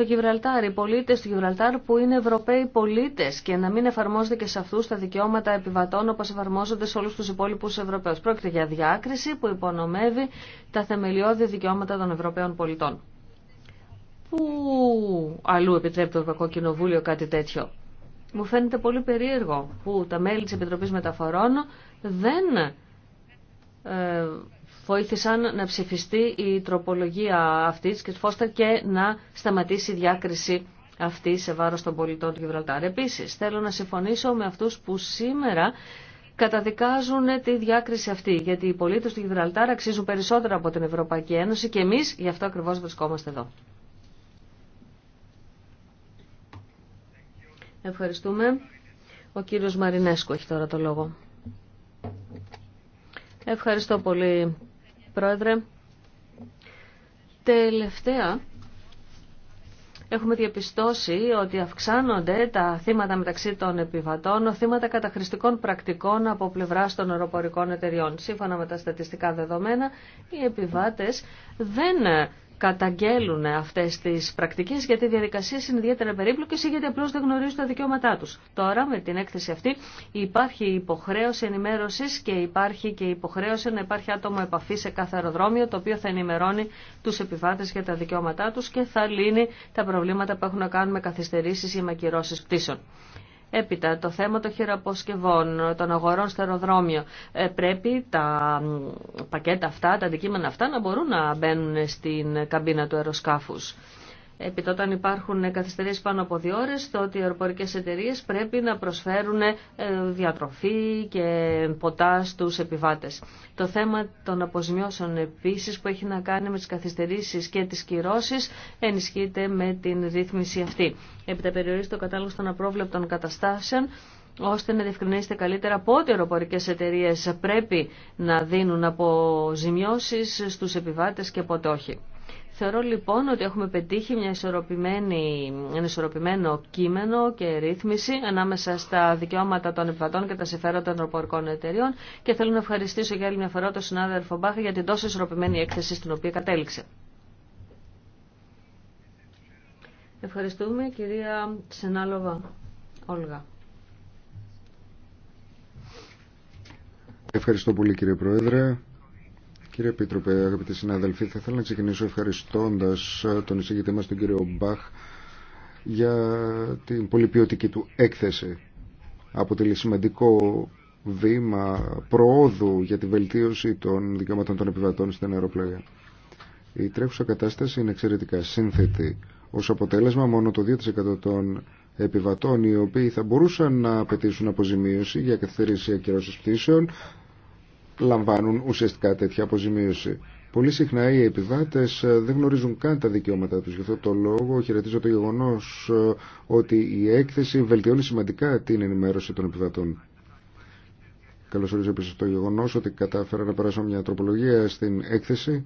το Γιβραλτάρ, οι πολίτε του Γιβραλτάρ που είναι Ευρωπαίοι πολίτε και να μην εφαρμόζονται και σε αυτού τα δικαιώματα επιβατών όπω εφαρμόζονται σε όλου του υπόλοιπου Ευρωπαίου. Πρόκειται για διάκριση που υπονομεύει τα θεμελιώδη δικαιώματα των Ευρωπαίων πολιτών. Πού αλλού επιτρέπει το Ευρωπαϊκό Κοινοβούλιο κάτι τέτοιο. Μου φαίνεται πολύ περίεργο που τα μέλη τη Επιτροπή Μεταφορών δεν ε, βοήθησαν να ψηφιστεί η τροπολογία αυτή τη και να σταματήσει η διάκριση αυτή σε βάρο των πολιτών του Γιβραλτάρ. Επίση, θέλω να συμφωνήσω με αυτού που σήμερα καταδικάζουν τη διάκριση αυτή, γιατί οι πολίτε του Γιβραλτάρ αξίζουν περισσότερο από την Ευρωπαϊκή Ένωση και εμεί γι' αυτό ακριβώ βρισκόμαστε εδώ. Ευχαριστούμε. Ο κύριος Μαρινέσκο έχει τώρα το λόγο. Ευχαριστώ πολύ Πρόεδρε. Τελευταία έχουμε διαπιστώσει ότι αυξάνονται τα θύματα μεταξύ των επιβατών, θύματα καταχρηστικών πρακτικών από πλευρά των αεροπορικών εταιριών. Σύμφωνα με τα στατιστικά δεδομένα, οι επιβάτες δεν καταγγέλουν αυτές τις πρακτικές γιατί οι διαδικασίες είναι ιδιαίτερα περίπλοκες ή γιατί απλώ δεν γνωρίζουν τα δικαιώματά τους. Τώρα με την έκθεση αυτή υπάρχει υποχρέωση ενημέρωσης και υπάρχει και υποχρέωση να υπάρχει άτομο επαφή σε κάθε αεροδρόμιο το οποίο θα ενημερώνει τους επιβάτες για τα δικαιώματά του και θα λύνει τα προβλήματα που έχουν να κάνουν με καθυστερήσει ή ακυρώσει πτήσεων. Έπειτα το θέμα των χειραποσκευών, των αγορών στο αεροδρόμιο. Ε, πρέπει τα πακέτα αυτά, τα αντικείμενα αυτά να μπορούν να μπαίνουν στην καμπίνα του αεροσκάφους επί το όταν υπάρχουν καθυστερήσεις πάνω από δύο ώρες, το ότι οι αεροπορικές εταιρείες πρέπει να προσφέρουν ε, διατροφή και ποτά στους επιβάτες. Το θέμα των αποζημιώσεων επίσης που έχει να κάνει με τις καθυστερήσεις και τις κυρώσεις ενισχύεται με την ρύθμιση αυτή. Επί τα το κατάλογο των απρόβλεπτων καταστάσεων, ώστε να διευκρινίσετε καλύτερα πότε αεροπορικέ εταιρείε πρέπει να δίνουν αποζημιώσεις στου επιβάτε και πότε όχι. Θεωρώ λοιπόν ότι έχουμε πετύχει μια ένα ισορροπημένο κείμενο και ρύθμιση ανάμεσα στα δικαιώματα των επιβατών και τα συμφέροντα των εταιρείων εταιριών και θέλω να ευχαριστήσω για άλλη μια φορά τον συνάδελφο Μπάχα για την τόσο ισορροπημένη έκθεση στην οποία κατέληξε. Ευχαριστούμε κυρία Σενάλοβα Όλγα. Ευχαριστώ πολύ κύριε Πρόεδρε. Κύριε Επίτροπε, αγαπητοί συνάδελφοι, θα ήθελα να ξεκινήσω ευχαριστώντα ε, τον εισηγητή μα τον κύριο Μπαχ για την πολυποιωτική του έκθεση. Αποτελεί σημαντικό βήμα προόδου για τη βελτίωση των δικαιωμάτων των επιβατών στην αεροπλαγιά. Η τρέχουσα κατάσταση είναι εξαιρετικά σύνθετη. Ως αποτέλεσμα μόνο το 2% των επιβατών οι οποίοι θα μπορούσαν να απαιτήσουν αποζημίωση για καθυστερήσει ακυρώσεις πτήσεων λαμβάνουν ουσιαστικά τέτοια αποζημίωση. Πολύ συχνά οι επιβάτε ε, δεν γνωρίζουν καν τα δικαιώματά του. Γι' αυτό το λόγο χαιρετίζω το γεγονό ε, ότι η έκθεση βελτιώνει σημαντικά την ενημέρωση των επιβατών. ορίζω επίση το γεγονό ότι κατάφερα να περάσω μια τροπολογία στην έκθεση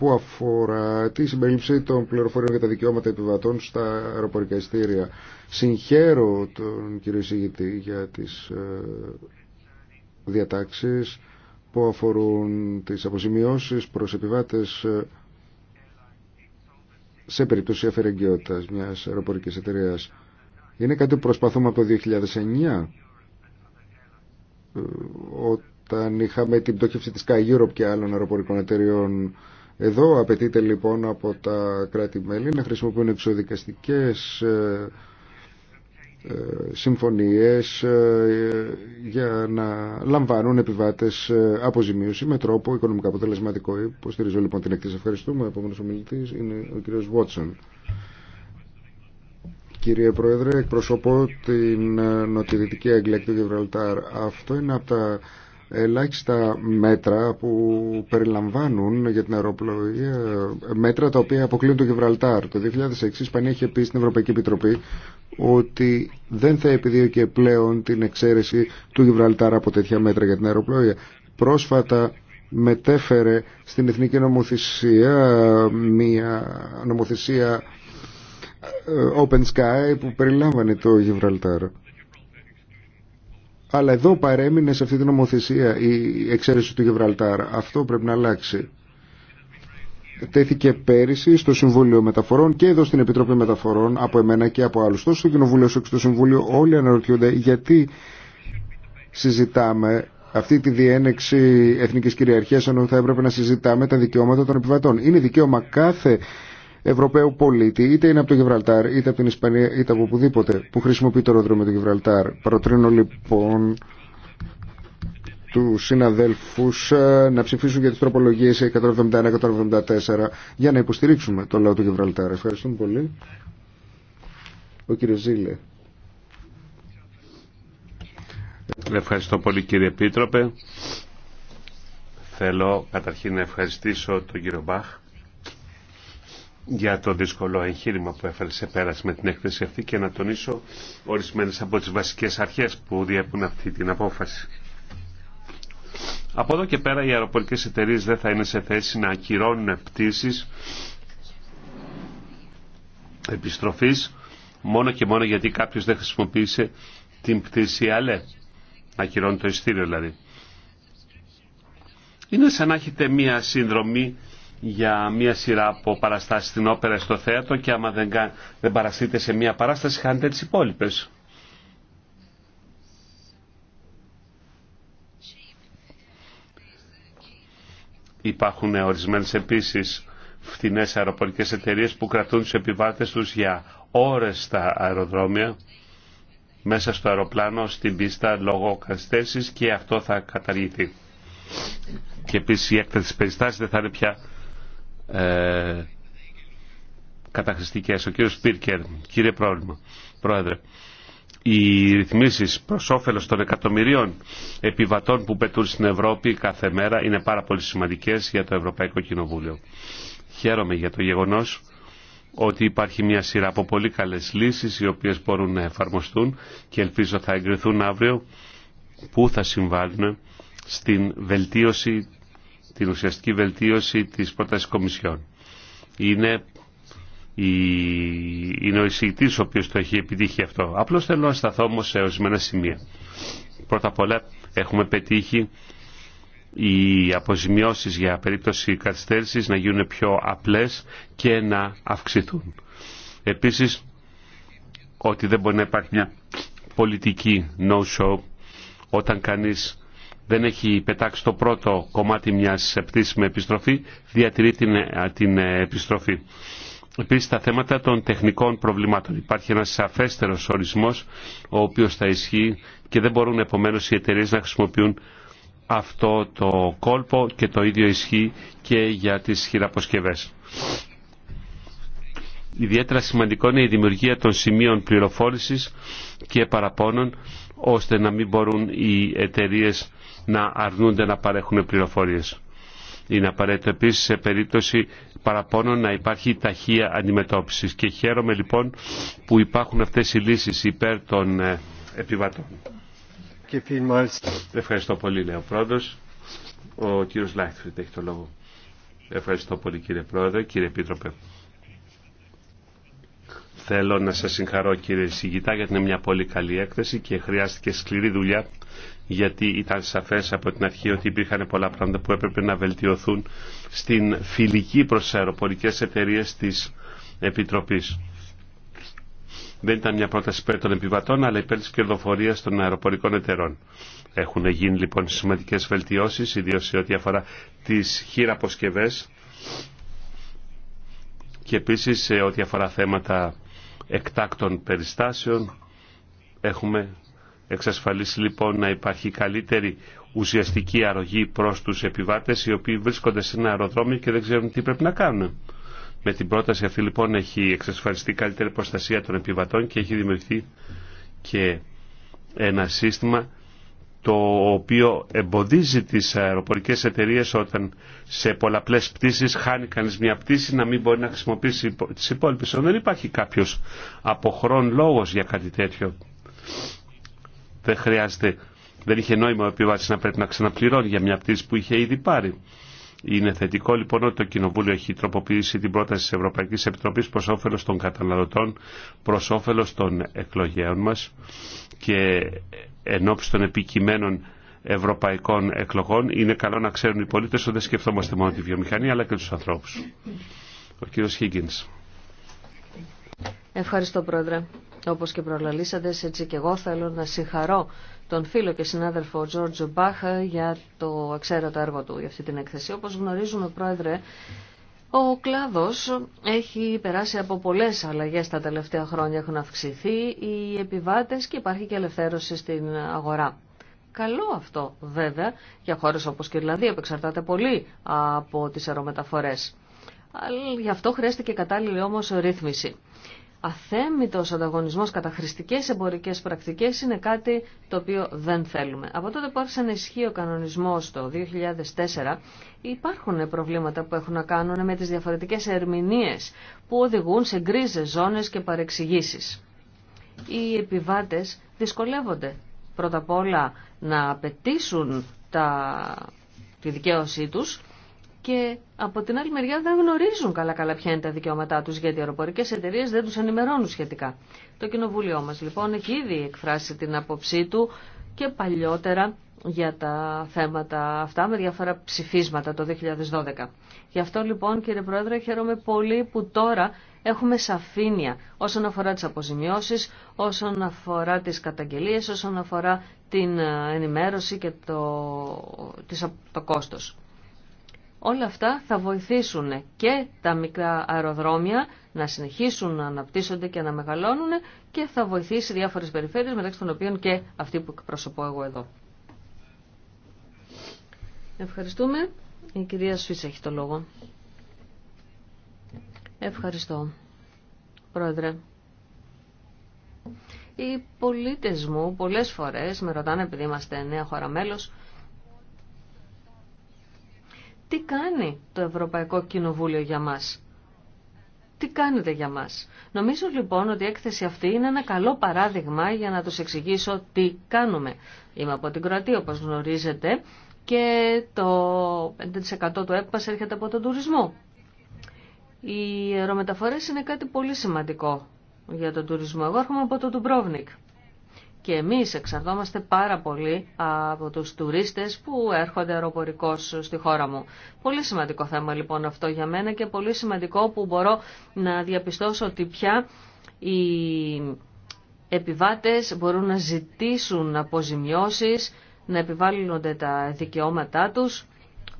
που αφορά τη συμπερίληψη των πληροφοριών για τα δικαιώματα επιβατών στα αεροπορικά ειστήρια. Συγχαίρω τον κύριο Σιγητή για τις ε, διατάξεις που αφορούν τις αποζημιώσεις προς επιβάτες ε, σε περίπτωση αφαιρεγγιότητας μιας αεροπορικής εταιρείας. Είναι κάτι που προσπαθούμε από το 2009 ε, όταν είχαμε την πτώχευση της Sky Europe και άλλων αεροπορικών εταιρεών εδώ απαιτείται λοιπόν από τα κράτη-μέλη να χρησιμοποιούν εξοδικαστικές ε, ε, συμφωνίες ε, για να λαμβάνουν επιβάτες αποζημίωση με τρόπο οικονομικά αποτελεσματικό. Υποστηρίζω λοιπόν την εκτίση. Ευχαριστούμε. Ο επόμενος ομιλητής είναι ο κύριος Βότσον. Κύριε Πρόεδρε, εκπροσωπώ την νοτιοδυτική Αγγλία και το Γιβραλτάρ. Αυτό είναι από τα ελάχιστα μέτρα που περιλαμβάνουν για την αεροπλοεία μέτρα τα οποία αποκλείουν το Γιβραλτάρ. Το 2006 η Ισπανία είχε πει στην Ευρωπαϊκή Επιτροπή ότι δεν θα επιδίωκε πλέον την εξαίρεση του Γιβραλτάρ από τέτοια μέτρα για την αεροπλοεία. Πρόσφατα μετέφερε στην Εθνική Νομοθεσία μια νομοθεσία ε, Open Sky που περιλάμβανε το Γιβραλτάρ. Αλλά εδώ παρέμεινε σε αυτή την νομοθεσία η εξαίρεση του Γεβραλτάρ. Αυτό πρέπει να αλλάξει. Τέθηκε πέρυσι στο Συμβούλιο Μεταφορών και εδώ στην Επιτροπή Μεταφορών από εμένα και από άλλους. Τόσο στο Κοινοβούλιο όσο και στο Συμβούλιο όλοι αναρωτιούνται γιατί συζητάμε αυτή τη διένεξη εθνικής κυριαρχίας ενώ θα έπρεπε να συζητάμε τα δικαιώματα των επιβατών. Είναι δικαίωμα κάθε Ευρωπαίου πολίτη, είτε είναι από το Γεβραλτάρ, είτε από την Ισπανία, είτε από οπουδήποτε, που χρησιμοποιεί το αεροδρόμιο του Γεβραλτάρ. Προτρύνω λοιπόν του συναδέλφου ε, να ψηφίσουν για τι τροπολογίε 171-174 για να υποστηρίξουμε το λαό του Γεβραλτάρ. Ευχαριστούμε πολύ. Ο κύριο Ζήλε. Ευχαριστώ πολύ κύριε Επίτροπε. Θέλω καταρχήν να ευχαριστήσω τον κύριο Μπαχ για το δύσκολο εγχείρημα που έφερε σε πέραση με την έκθεση αυτή και να τονίσω ορισμένες από τις βασικές αρχές που διέπουν αυτή την απόφαση. Από εδώ και πέρα οι αεροπορικές εταιρείες δεν θα είναι σε θέση να ακυρώνουν πτήσεις επιστροφής μόνο και μόνο γιατί κάποιος δεν χρησιμοποίησε την πτήση ΑΛΕ. Ακυρώνει το ειστήριο δηλαδή. Είναι σαν να έχετε μία συνδρομή για μία σειρά από παραστάσεις στην όπερα στο θέατρο και άμα δεν, δεν παραστείτε σε μία παράσταση χάνετε τις υπόλοιπες. Υπάρχουν ορισμένες επίσης φθηνές αεροπορικές εταιρείες που κρατούν τους επιβάτες τους για ώρες στα αεροδρόμια μέσα στο αεροπλάνο, στην πίστα, λόγω καθυστέρησης και αυτό θα καταργηθεί. Και επίσης η έκταση περιστάσεις δεν θα είναι πια ε, καταχρηστικές. Ο κύριος Πίρκερ, κύριε πρόεδρε, οι ρυθμίσεις προς όφελος των εκατομμυρίων επιβατών που πετούν στην Ευρώπη κάθε μέρα είναι πάρα πολύ σημαντικές για το Ευρωπαϊκό Κοινοβούλιο. Χαίρομαι για το γεγονός ότι υπάρχει μια σειρά από πολύ καλές λύσεις οι οποίες μπορούν να εφαρμοστούν και ελπίζω θα εγκριθούν αύριο που θα συμβάλλουν στην βελτίωση την ουσιαστική βελτίωση της πρότασης Κομισιόν. Είναι, η, είναι ο εισηγητής ο οποίος το έχει επιτύχει αυτό. Απλώς θέλω να σταθώ όμως σε ορισμένα σημεία. Πρώτα απ' όλα έχουμε πετύχει οι αποζημιώσεις για περίπτωση καθυστέρησης να γίνουν πιο απλές και να αυξηθούν. Επίσης, ότι δεν μπορεί να υπάρχει μια πολιτική no-show όταν κανείς δεν έχει πετάξει το πρώτο κομμάτι μιας πτήσης με επιστροφή, διατηρεί την, ε, την ε, επιστροφή. Επίσης τα θέματα των τεχνικών προβλημάτων. Υπάρχει ένας σαφέστερος ορισμός ο οποίος θα ισχύει και δεν μπορούν επομένως οι εταιρείε να χρησιμοποιούν αυτό το κόλπο και το ίδιο ισχύει και για τις χειραποσκευές. Ιδιαίτερα σημαντικό είναι η δημιουργία των σημείων πληροφόρησης και παραπώνων ώστε να μην μπορούν οι εταιρείες να αρνούνται να παρέχουν πληροφορίες. Είναι απαραίτητο επίσης σε περίπτωση παραπώνων να υπάρχει ταχεία αντιμετώπιση. Και χαίρομαι λοιπόν που υπάρχουν αυτές οι λύσεις υπέρ των ε, επιβατών. Ευχαριστώ πολύ, λέει ο πρόεδρος. Ο κύριος Λάιχτφριντ έχει το λόγο. Ευχαριστώ πολύ κύριε Πρόεδρε, κύριε Επίτροπε. Θέλω να σας συγχαρώ κύριε Σιγητά γιατί είναι μια πολύ καλή έκθεση και χρειάστηκε σκληρή δουλειά γιατί ήταν σαφές από την αρχή ότι υπήρχαν πολλά πράγματα που έπρεπε να βελτιωθούν στην φιλική προς αεροπορικές εταιρείες της Επιτροπής. Δεν ήταν μια πρόταση υπέρ των επιβατών, αλλά υπέρ της κερδοφορίας των αεροπορικών εταιρών. Έχουν γίνει λοιπόν σημαντικές βελτιώσεις, ιδίως σε ό,τι αφορά τις χειραποσκευές και επίσης σε ό,τι αφορά θέματα εκτάκτων περιστάσεων έχουμε εξασφαλίσει λοιπόν να υπάρχει καλύτερη ουσιαστική αρρωγή προς τους επιβάτες οι οποίοι βρίσκονται σε ένα αεροδρόμιο και δεν ξέρουν τι πρέπει να κάνουν. Με την πρόταση αυτή λοιπόν έχει εξασφαλιστεί καλύτερη προστασία των επιβατών και έχει δημιουργηθεί και ένα σύστημα το οποίο εμποδίζει τις αεροπορικές εταιρείες όταν σε πολλαπλές πτήσεις χάνει κανείς μια πτήση να μην μπορεί να χρησιμοποιήσει τις υπόλοιπες. Δεν υπάρχει κάποιος αποχρόν λόγος για κάτι τέτοιο δεν χρειάζεται, δεν είχε νόημα ο επιβάτης να πρέπει να ξαναπληρώνει για μια πτήση που είχε ήδη πάρει. Είναι θετικό λοιπόν ότι το Κοινοβούλιο έχει τροποποιήσει την πρόταση της Ευρωπαϊκής Επιτροπής προς όφελος των καταναλωτών, προς όφελος των εκλογέων μας και εν των επικειμένων ευρωπαϊκών εκλογών. Είναι καλό να ξέρουν οι πολίτες ότι δεν σκεφτόμαστε μόνο τη βιομηχανία αλλά και τους ανθρώπους. Ο κύριος Higgins. Ευχαριστώ πρόεδρε. Όπως και προλαλήσατε, έτσι και εγώ θέλω να συγχαρώ τον φίλο και συνάδελφο Τζόρτζο Μπαχα για το εξαίρετο έργο του για αυτή την έκθεση. Όπως γνωρίζουμε, Πρόεδρε, ο κλάδος έχει περάσει από πολλές αλλαγές τα τελευταία χρόνια. Έχουν αυξηθεί οι επιβάτες και υπάρχει και ελευθέρωση στην αγορά. Καλό αυτό βέβαια για χώρες όπως και η Ιρλανδία που εξαρτάται πολύ από τις αερομεταφορές. γι' αυτό χρειάστηκε κατάλληλη όμως ρύθμιση αθέμητος ανταγωνισμός κατά χρηστικές εμπορικές πρακτικές είναι κάτι το οποίο δεν θέλουμε. Από τότε που άρχισε να ισχύει ο κανονισμός το 2004 υπάρχουν προβλήματα που έχουν να κάνουν με τις διαφορετικές ερμηνείες που οδηγούν σε γκρίζες ζώνες και παρεξηγήσεις. Οι επιβάτες δυσκολεύονται πρώτα απ' όλα να απαιτήσουν τα... τη δικαίωσή τους και από την άλλη μεριά δεν γνωρίζουν καλά καλά ποια είναι τα δικαιώματά τους γιατί οι αεροπορικές εταιρείε δεν τους ενημερώνουν σχετικά. Το κοινοβούλιο μας λοιπόν έχει ήδη εκφράσει την άποψή του και παλιότερα για τα θέματα αυτά με διάφορα ψηφίσματα το 2012. Γι' αυτό λοιπόν κύριε Πρόεδρε χαίρομαι πολύ που τώρα έχουμε σαφήνεια όσον αφορά τις αποζημιώσεις, όσον αφορά τις καταγγελίες, όσον αφορά την ε, ενημέρωση και το, το κόστος. Όλα αυτά θα βοηθήσουν και τα μικρά αεροδρόμια να συνεχίσουν να αναπτύσσονται και να μεγαλώνουν και θα βοηθήσει διάφορες περιφέρειες μεταξύ των οποίων και αυτή που εκπροσωπώ εγώ εδώ. Ευχαριστούμε. Η κυρία Σφίτσα έχει το λόγο. Ευχαριστώ. Πρόεδρε. Οι πολίτες μου πολλές φορές με ρωτάνε επειδή είμαστε νέα χώρα μέλος τι κάνει το Ευρωπαϊκό Κοινοβούλιο για μας. Τι κάνετε για μας. Νομίζω λοιπόν ότι η έκθεση αυτή είναι ένα καλό παράδειγμα για να τους εξηγήσω τι κάνουμε. Είμαι από την Κροατία όπως γνωρίζετε και το 5% του ΕΠΑΣ έρχεται από τον τουρισμό. Οι αερομεταφορές είναι κάτι πολύ σημαντικό για τον τουρισμό. Εγώ έρχομαι από το Ντουμπρόβνικ και εμείς εξαρτώμαστε πάρα πολύ από τους τουρίστες που έρχονται αεροπορικώς στη χώρα μου. Πολύ σημαντικό θέμα λοιπόν αυτό για μένα και πολύ σημαντικό που μπορώ να διαπιστώσω ότι πια οι επιβάτες μπορούν να ζητήσουν αποζημιώσεις, να επιβάλλονται τα δικαιώματά τους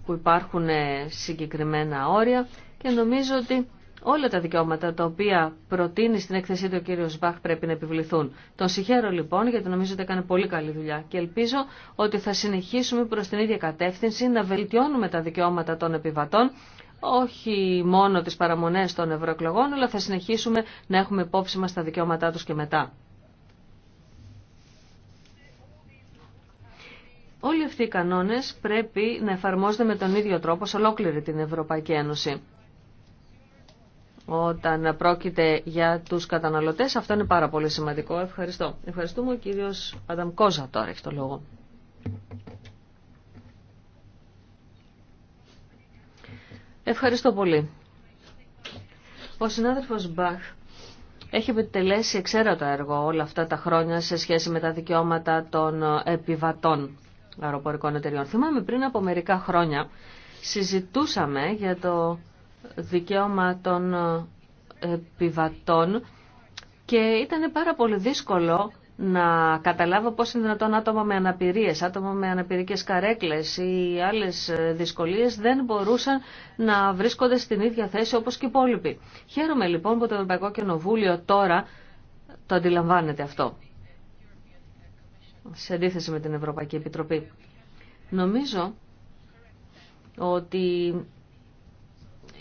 που υπάρχουν συγκεκριμένα όρια και νομίζω ότι Όλα τα δικαιώματα τα οποία προτείνει στην έκθεσή του ο κύριο Βαχ πρέπει να επιβληθούν. Τον συγχαίρω λοιπόν γιατί νομίζω ότι έκανε πολύ καλή δουλειά και ελπίζω ότι θα συνεχίσουμε προ την ίδια κατεύθυνση να βελτιώνουμε τα δικαιώματα των επιβατών όχι μόνο τις παραμονές των ευρωεκλογών, αλλά θα συνεχίσουμε να έχουμε υπόψη μας τα δικαιώματά τους και μετά. Όλοι αυτοί οι κανόνες πρέπει να εφαρμόζονται με τον ίδιο τρόπο σε ολόκληρη την Ευρωπαϊκή Ένωση όταν πρόκειται για τους καταναλωτές. Αυτό είναι πάρα πολύ σημαντικό. Ευχαριστώ. Ευχαριστούμε ο κύριος Κόζα τώρα έχει το λόγο. Ευχαριστώ πολύ. Ο συνάδελφος Μπαχ έχει επιτελέσει εξαίρετο έργο όλα αυτά τα χρόνια σε σχέση με τα δικαιώματα των επιβατών αεροπορικών εταιριών. Θυμάμαι πριν από μερικά χρόνια συζητούσαμε για το δικαίωμα των ε, επιβατών και ήταν πάρα πολύ δύσκολο να καταλάβω πώς είναι δυνατόν άτομα με αναπηρίες, άτομα με αναπηρικές καρέκλες ή άλλες ε, δυσκολίες δεν μπορούσαν να βρίσκονται στην ίδια θέση όπως και οι υπόλοιποι. Χαίρομαι λοιπόν που το Ευρωπαϊκό Κοινοβούλιο τώρα το αντιλαμβάνεται αυτό, σε αντίθεση με την Ευρωπαϊκή Επιτροπή. Νομίζω ότι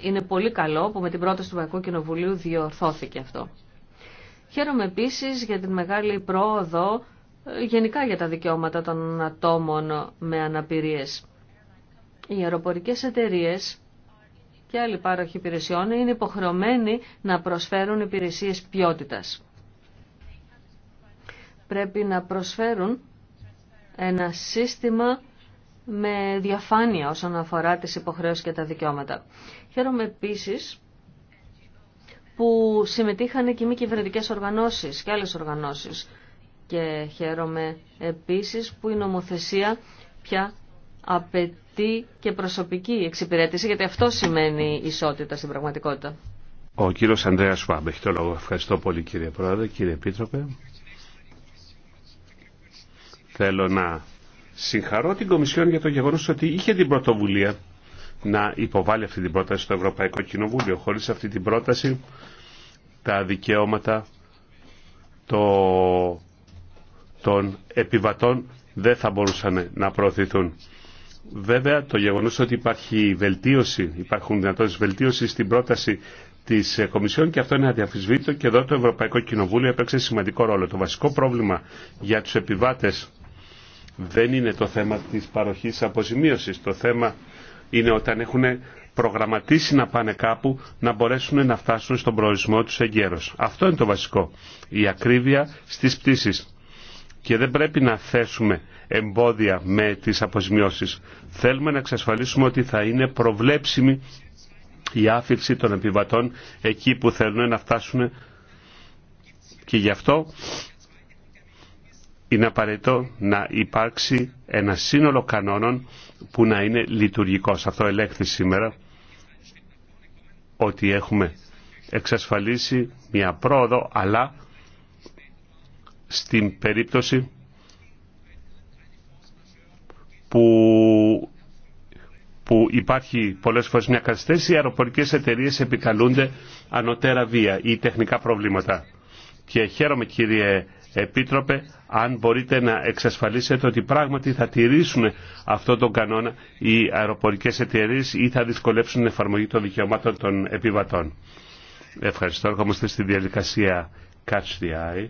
είναι πολύ καλό που με την πρόταση του Βαϊκού Κοινοβουλίου διορθώθηκε αυτό. Χαίρομαι επίσης για την μεγάλη πρόοδο ε, γενικά για τα δικαιώματα των ατόμων με αναπηρίες. Οι αεροπορικές εταιρείε και άλλοι πάροχοι υπηρεσιών είναι υποχρεωμένοι να προσφέρουν υπηρεσίες ποιότητας. Πρέπει να προσφέρουν ένα σύστημα με διαφάνεια όσον αφορά τις υποχρεώσεις και τα δικαιώματα. Χαίρομαι επίσης που συμμετείχαν και μη κυβερνητικές οργανώσεις και άλλες οργανώσεις και χαίρομαι επίσης που η νομοθεσία πια απαιτεί και προσωπική εξυπηρέτηση, γιατί αυτό σημαίνει ισότητα στην πραγματικότητα. Ο κύριος Ανδρέας Σουάμπ έχει το λόγο. Ευχαριστώ πολύ κύριε Πρόεδρε, κύριε Επίτροπε. Θέλω να συγχαρώ την Κομισιόν για το γεγονός ότι είχε την πρωτοβουλία να υποβάλει αυτή την πρόταση στο Ευρωπαϊκό Κοινοβούλιο. Χωρίς αυτή την πρόταση τα δικαιώματα των επιβατών δεν θα μπορούσαν να προωθηθούν. Βέβαια το γεγονός ότι υπάρχει βελτίωση, υπάρχουν δυνατότητες βελτίωση στην πρόταση τη Κομισιόν και αυτό είναι αδιαφυσβήτητο και εδώ το Ευρωπαϊκό Κοινοβούλιο έπαιξε σημαντικό ρόλο. Το βασικό πρόβλημα για του επιβάτε δεν είναι το θέμα της παροχής αποζημίωσης. Το θέμα είναι όταν έχουν προγραμματίσει να πάνε κάπου να μπορέσουν να φτάσουν στον προορισμό τους εγκαίρως. Αυτό είναι το βασικό. Η ακρίβεια στις πτήσεις. Και δεν πρέπει να θέσουμε εμπόδια με τις αποζημιώσεις. Θέλουμε να εξασφαλίσουμε ότι θα είναι προβλέψιμη η άφηξη των επιβατών εκεί που θέλουν να φτάσουν. Και γι' αυτό είναι απαραίτητο να υπάρξει ένα σύνολο κανόνων που να είναι λειτουργικός. Αυτό ελέγχθη σήμερα ότι έχουμε εξασφαλίσει μια πρόοδο, αλλά στην περίπτωση που, υπάρχει πολλές φορές μια καθυστέρηση, οι αεροπορικές εταιρείες επικαλούνται ανωτέρα βία ή τεχνικά προβλήματα. Και χαίρομαι κύριε Επίτροπε, αν μπορείτε να εξασφαλίσετε ότι πράγματι θα τηρήσουν αυτό τον κανόνα οι αεροπορικές ή θα δυσκολέψουν ή θα δυσκολέψουν την εφαρμογή των δικαιωμάτων των επιβατών. Ευχαριστώ. Έρχομαστε στη διαδικασία Catch the Eye.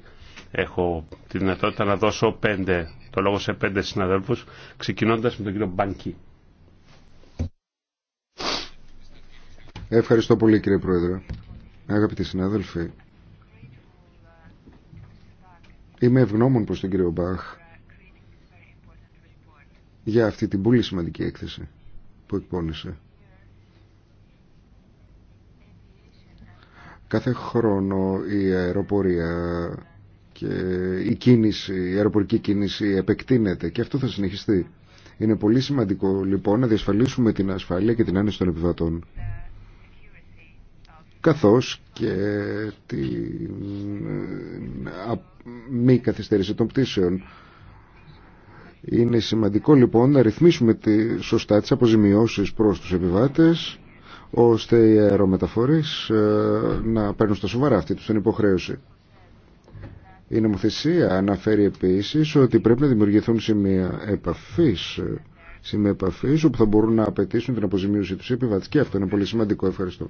Έχω τη δυνατότητα να δώσω πέντε, το λόγο σε πέντε συναδέλφους, ξεκινώντας με τον κύριο Μπάνκι. Ευχαριστώ πολύ κύριε Πρόεδρε. Αγαπητοί συνάδελφοι, Είμαι ευγνώμων προς τον κύριο Μπαχ για αυτή την πολύ σημαντική έκθεση που εκπώνησε. Κάθε χρόνο η αεροπορία και η, κίνηση, η αεροπορική κίνηση επεκτείνεται και αυτό θα συνεχιστεί. Είναι πολύ σημαντικό λοιπόν να διασφαλίσουμε την ασφάλεια και την άνεση των επιβατών καθώς και τη ε, μη καθυστέρηση των πτήσεων. Είναι σημαντικό λοιπόν να ρυθμίσουμε τη, σωστά τις αποζημιώσεις προς τους επιβάτες ώστε οι αερομεταφορείς ε, να παίρνουν στα σοβαρά αυτή τους την υποχρέωση. Η νομοθεσία αναφέρει επίσης ότι πρέπει να δημιουργηθούν σημεία επαφής, ε, σημεία επαφής όπου θα μπορούν να απαιτήσουν την αποζημίωση τους επιβάτες και αυτό είναι πολύ σημαντικό. Ευχαριστώ.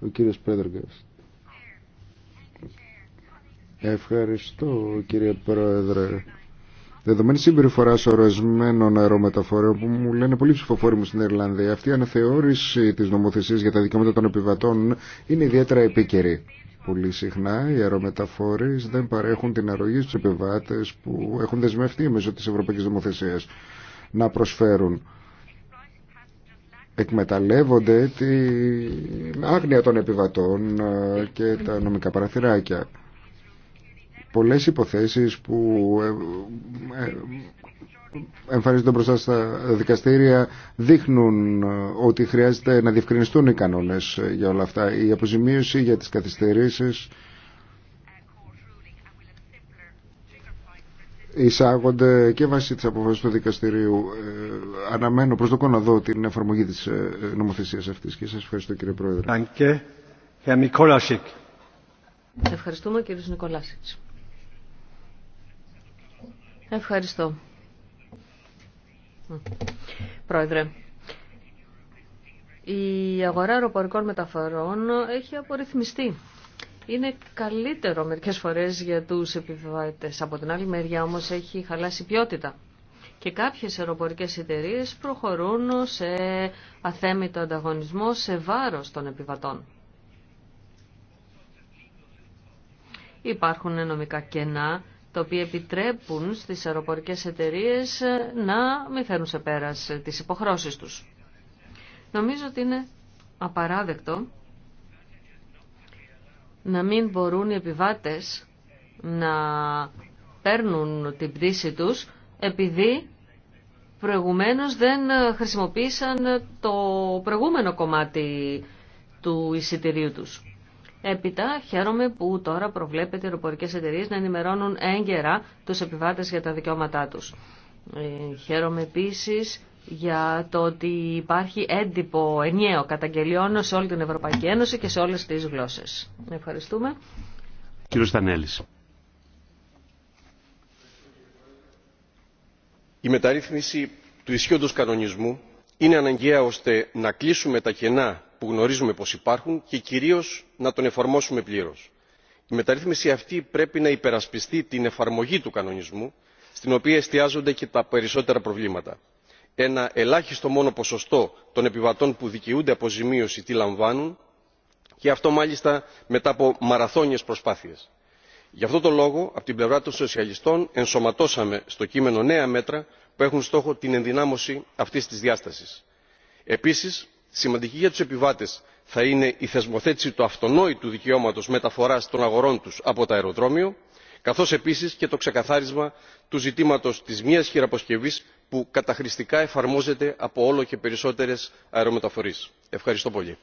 Ο κύριος Πέτραγκας. Ευχαριστώ κύριε Πρόεδρε. Δεδομένη συμπεριφορά ορισμένων αερομεταφορέων που μου λένε πολύ ψηφοφόροι μου στην Ιρλανδία, αυτή η αναθεώρηση τη νομοθεσία για τα δικαιώματα των επιβατών είναι ιδιαίτερα επίκαιρη. Πολύ συχνά οι αερομεταφόροι δεν παρέχουν την αρρωγή στου επιβάτε που έχουν δεσμευτεί μέσω τη Ευρωπαϊκή Νομοθεσία να προσφέρουν εκμεταλλεύονται την άγνοια των επιβατών ε, και τα νομικά παραθυράκια. Πολλές υποθέσεις που ε, ε, εμφανίζονται μπροστά στα δικαστήρια δείχνουν ότι χρειάζεται να διευκρινιστούν οι κανόνες για όλα αυτά. Η αποζημίωση για τις καθυστερήσεις εισάγονται και βάσει τη αποφάσης του δικαστηρίου. Ε, αναμένω προσδοκώ το δω την εφαρμογή της ε, νομοθεσίας αυτής και σας ευχαριστώ κύριε Πρόεδρε. Ευχαριστούμε κύριος Νικολάσιτς. Ευχαριστώ. Πρόεδρε, η αγορά αεροπορικών μεταφορών έχει απορριθμιστεί είναι καλύτερο μερικές φορές για τους επιβάτες. Από την άλλη μεριά όμως έχει χαλάσει ποιότητα. Και κάποιες αεροπορικές εταιρείες προχωρούν σε αθέμητο ανταγωνισμό σε βάρος των επιβατών. Υπάρχουν νομικά κενά τα οποία επιτρέπουν στις αεροπορικές εταιρείες να μην φέρουν σε πέρας τις υποχρώσεις τους. Νομίζω ότι είναι απαράδεκτο να μην μπορούν οι επιβάτες να παίρνουν την πτήση τους επειδή προηγουμένως δεν χρησιμοποίησαν το προηγούμενο κομμάτι του εισιτηρίου τους. Έπειτα, χαίρομαι που τώρα προβλέπεται οι αεροπορικές εταιρείες να ενημερώνουν έγκαιρα τους επιβάτες για τα δικαιώματά τους. Ε, χαίρομαι επίσης για το ότι υπάρχει έντυπο ενιαίο καταγγελιών σε όλη την Ευρωπαϊκή Ένωση και σε όλες τις γλώσσες. Ευχαριστούμε. Κύριος Στανέλης. Η μεταρρύθμιση του ισχύοντος κανονισμού είναι αναγκαία ώστε να κλείσουμε τα κενά που γνωρίζουμε πως υπάρχουν και κυρίως να τον εφαρμόσουμε πλήρως. Η μεταρρύθμιση αυτή πρέπει να υπερασπιστεί την εφαρμογή του κανονισμού στην οποία εστιάζονται και τα περισσότερα προβλήματα ένα ελάχιστο μόνο ποσοστό των επιβατών που δικαιούνται αποζημίωση τη λαμβάνουν και αυτό μάλιστα μετά από μαραθώνιες προσπάθειες. γι' αυτό τον λόγο από την πλευρά των σοσιαλιστών ενσωματώσαμε στο κείμενο νέα μέτρα που έχουν στόχο την ενδυνάμωση αυτής της διάστασης. επίσης σημαντική για τους επιβάτες θα είναι η θεσμοθέτηση του αυτονόητου δικαιώματος μεταφοράς των αγορών τους από το αεροδρόμιο καθώς επίσης και το ξεκαθάρισμα του ζητήματος της μίας χειραποσκευής που καταχρηστικά εφαρμόζεται από όλο και περισσότερες αερομεταφορείς. Ευχαριστώ πολύ.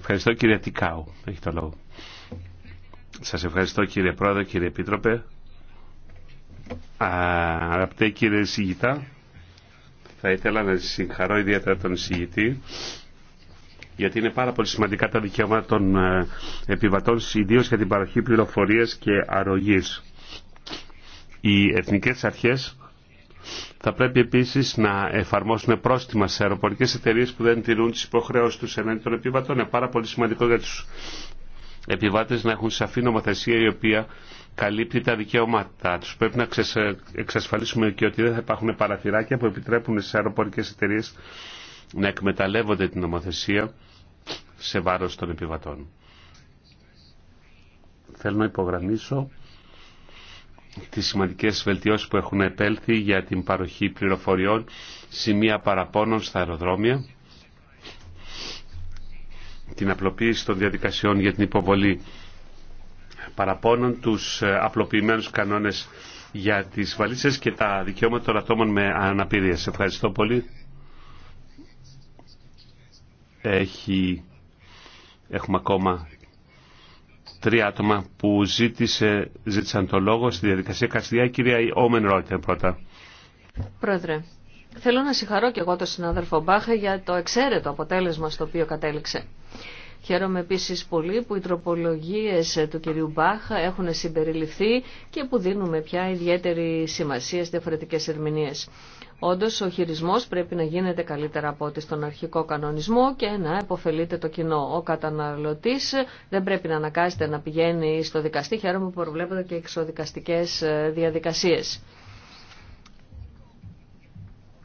Ευχαριστώ κύριε Τικάου. Έχει το λόγο. Σας ευχαριστώ κύριε Πρόεδρε, κύριε Επίτροπε. Αγαπητέ κύριε Συγητά, θα ήθελα να συγχαρώ ιδιαίτερα τον Συγητή γιατί είναι πάρα πολύ σημαντικά τα δικαιώματα των ε, επιβατών, ιδίω για την παροχή πληροφορία και αρρωγή. Οι εθνικέ αρχέ θα πρέπει επίση να εφαρμόσουν πρόστιμα σε αεροπορικέ εταιρείε που δεν τηρούν τις υποχρεώσεις τους ενάντια των επιβατών. Είναι πάρα πολύ σημαντικό για του επιβάτε να έχουν σαφή νομοθεσία η οποία καλύπτει τα δικαιώματά Του Πρέπει να εξασφαλίσουμε και ότι δεν θα υπάρχουν παραθυράκια που επιτρέπουν σε αεροπορικέ εταιρείε να εκμεταλλεύονται την νομοθεσία σε βάρος των επιβατών. Θέλω να υπογραμμίσω τις σημαντικές βελτιώσεις που έχουν επέλθει για την παροχή πληροφοριών σημεία παραπώνων στα αεροδρόμια, την απλοποίηση των διαδικασιών για την υποβολή παραπώνων, τους απλοποιημένους κανόνες για τις βαλίτσες και τα δικαιώματα των ατόμων με αναπηρία. Σε ευχαριστώ πολύ. Έχει Έχουμε ακόμα τρία άτομα που ζήτησε, ζήτησαν το λόγο στη διαδικασία Καστιά. Κυρία Όμεν Ρόιτεν πρώτα. Πρόεδρε, θέλω να συγχαρώ και εγώ τον συνάδελφο Μπάχα για το εξαίρετο αποτέλεσμα στο οποίο κατέληξε. Χαίρομαι επίση πολύ που οι τροπολογίε του κυρίου Μπάχα έχουν συμπεριληφθεί και που δίνουμε πια ιδιαίτερη σημασία στις διαφορετικέ ερμηνείε. Όντως ο χειρισμός πρέπει να γίνεται καλύτερα από ό,τι στον αρχικό κανονισμό και να επωφελείται το κοινό. Ο καταναλωτής δεν πρέπει να ανακάζεται να πηγαίνει στο δικαστή, χαίρομαι που προβλέπονται και εξοδικαστικές ε, διαδικασίες.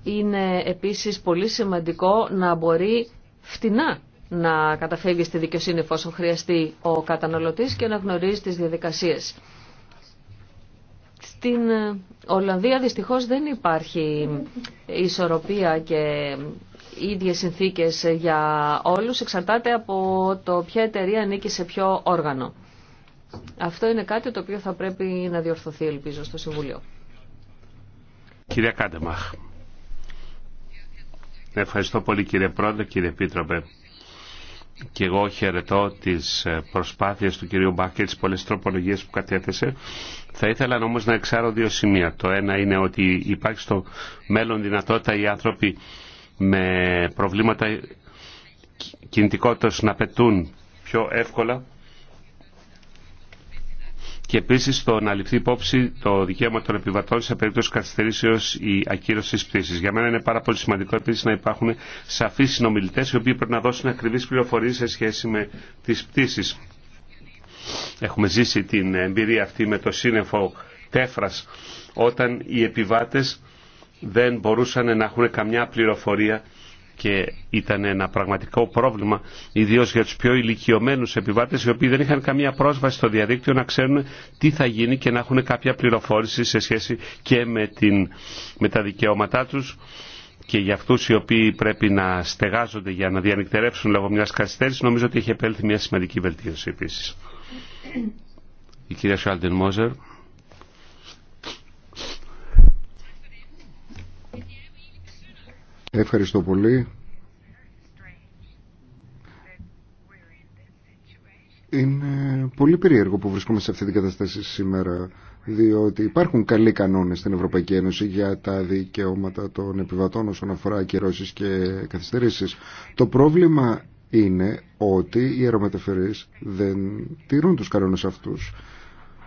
Είναι επίσης πολύ σημαντικό να μπορεί φτηνά να καταφεύγει στη δικαιοσύνη εφόσον χρειαστεί ο καταναλωτής και να γνωρίζει τις διαδικασίες. Στην ε, Ολλανδία δυστυχώς δεν υπάρχει ισορροπία και ίδιες συνθήκες για όλους εξαρτάται από το ποια εταιρεία ανήκει σε ποιο όργανο. Αυτό είναι κάτι το οποίο θα πρέπει να διορθωθεί ελπίζω στο Συμβουλίο. Κυρία Κάντεμαχ. Ευχαριστώ πολύ κύριε Πρόεδρε, κύριε Επίτροπε και εγώ χαιρετώ τις ε, προσπάθειες του κυρίου Μπάκ και τις πολλές τροπολογίες που κατέθεσε. Θα ήθελα όμως να εξάρω δύο σημεία. Το ένα είναι ότι υπάρχει στο μέλλον δυνατότητα οι άνθρωποι με προβλήματα κινητικότητας να πετούν πιο εύκολα και επίση το να ληφθεί υπόψη το δικαίωμα των επιβατών σε περίπτωση καθυστερήσεω ή ακύρωση πτήση. Για μένα είναι πάρα πολύ σημαντικό επίση να υπάρχουν σαφεί συνομιλητέ οι οποίοι πρέπει να δώσουν ακριβεί πληροφορίε σε σχέση με τι πτήσει. Έχουμε ζήσει την εμπειρία αυτή με το σύννεφο τέφρας όταν οι επιβάτε δεν μπορούσαν να έχουν καμιά πληροφορία και ήταν ένα πραγματικό πρόβλημα, ιδίω για του πιο ηλικιωμένου επιβάτε, οι οποίοι δεν είχαν καμία πρόσβαση στο διαδίκτυο να ξέρουν τι θα γίνει και να έχουν κάποια πληροφόρηση σε σχέση και με, την, με τα δικαιώματά του και για αυτού οι οποίοι πρέπει να στεγάζονται για να διανυκτερεύσουν λόγω μια καθυστέρηση, νομίζω ότι έχει επέλθει μια σημαντική βελτίωση επίση. Η κυρία Μόζερ. Ευχαριστώ πολύ. Είναι πολύ περίεργο που βρισκόμαστε σε αυτή την κατάσταση σήμερα, διότι υπάρχουν καλοί κανόνες στην Ευρωπαϊκή Ένωση για τα δικαιώματα των επιβατών όσον αφορά ακυρώσεις και καθυστερήσεις. Το πρόβλημα είναι ότι οι αερομεταφερείς δεν τηρούν τους κανόνες αυτούς.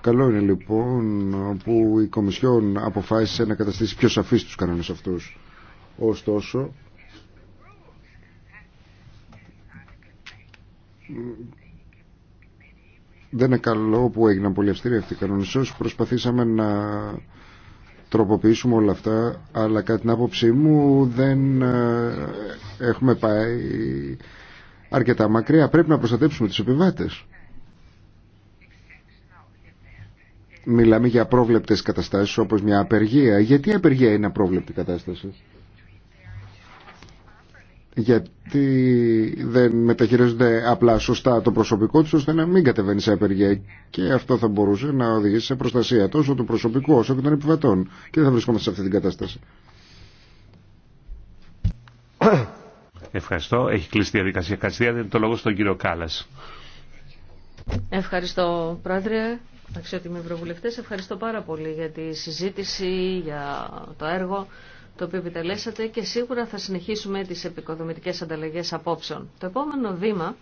Καλό είναι λοιπόν που η Κομισιόν αποφάσισε να καταστήσει πιο σαφείς τους κανόνες αυτούς. Ωστόσο, δεν είναι καλό που έγιναν πολύ αυστηροί αυτοί οι κανονισμοί. Προσπαθήσαμε να τροποποιήσουμε όλα αυτά, αλλά κατά την άποψή μου δεν ε, έχουμε πάει αρκετά μακριά. Πρέπει να προστατέψουμε τους επιβάτες. Μιλάμε για απρόβλεπτες καταστάσεις όπως μια απεργία. Γιατί απεργία είναι απρόβλεπτη κατάσταση γιατί δεν μεταχειρίζονται απλά σωστά το προσωπικό του, ώστε να μην κατεβαίνει σε απεργία και αυτό θα μπορούσε να οδηγήσει σε προστασία τόσο του προσωπικού όσο και των επιβατών και δεν θα βρισκόμαστε σε αυτή την κατάσταση. Ευχαριστώ. Έχει κλείσει τη διαδικασία. Καστία, δεν το λόγο στον κύριο Κάλλας. Ευχαριστώ Πρόεδρε, αξιότιμοι Ευρωβουλευτές. Ευχαριστώ πάρα πολύ για τη συζήτηση, για το έργο το οποίο επιτελέσατε και σίγουρα θα συνεχίσουμε τις επικοδομητικές ανταλλαγές απόψεων. Το επόμενο βήμα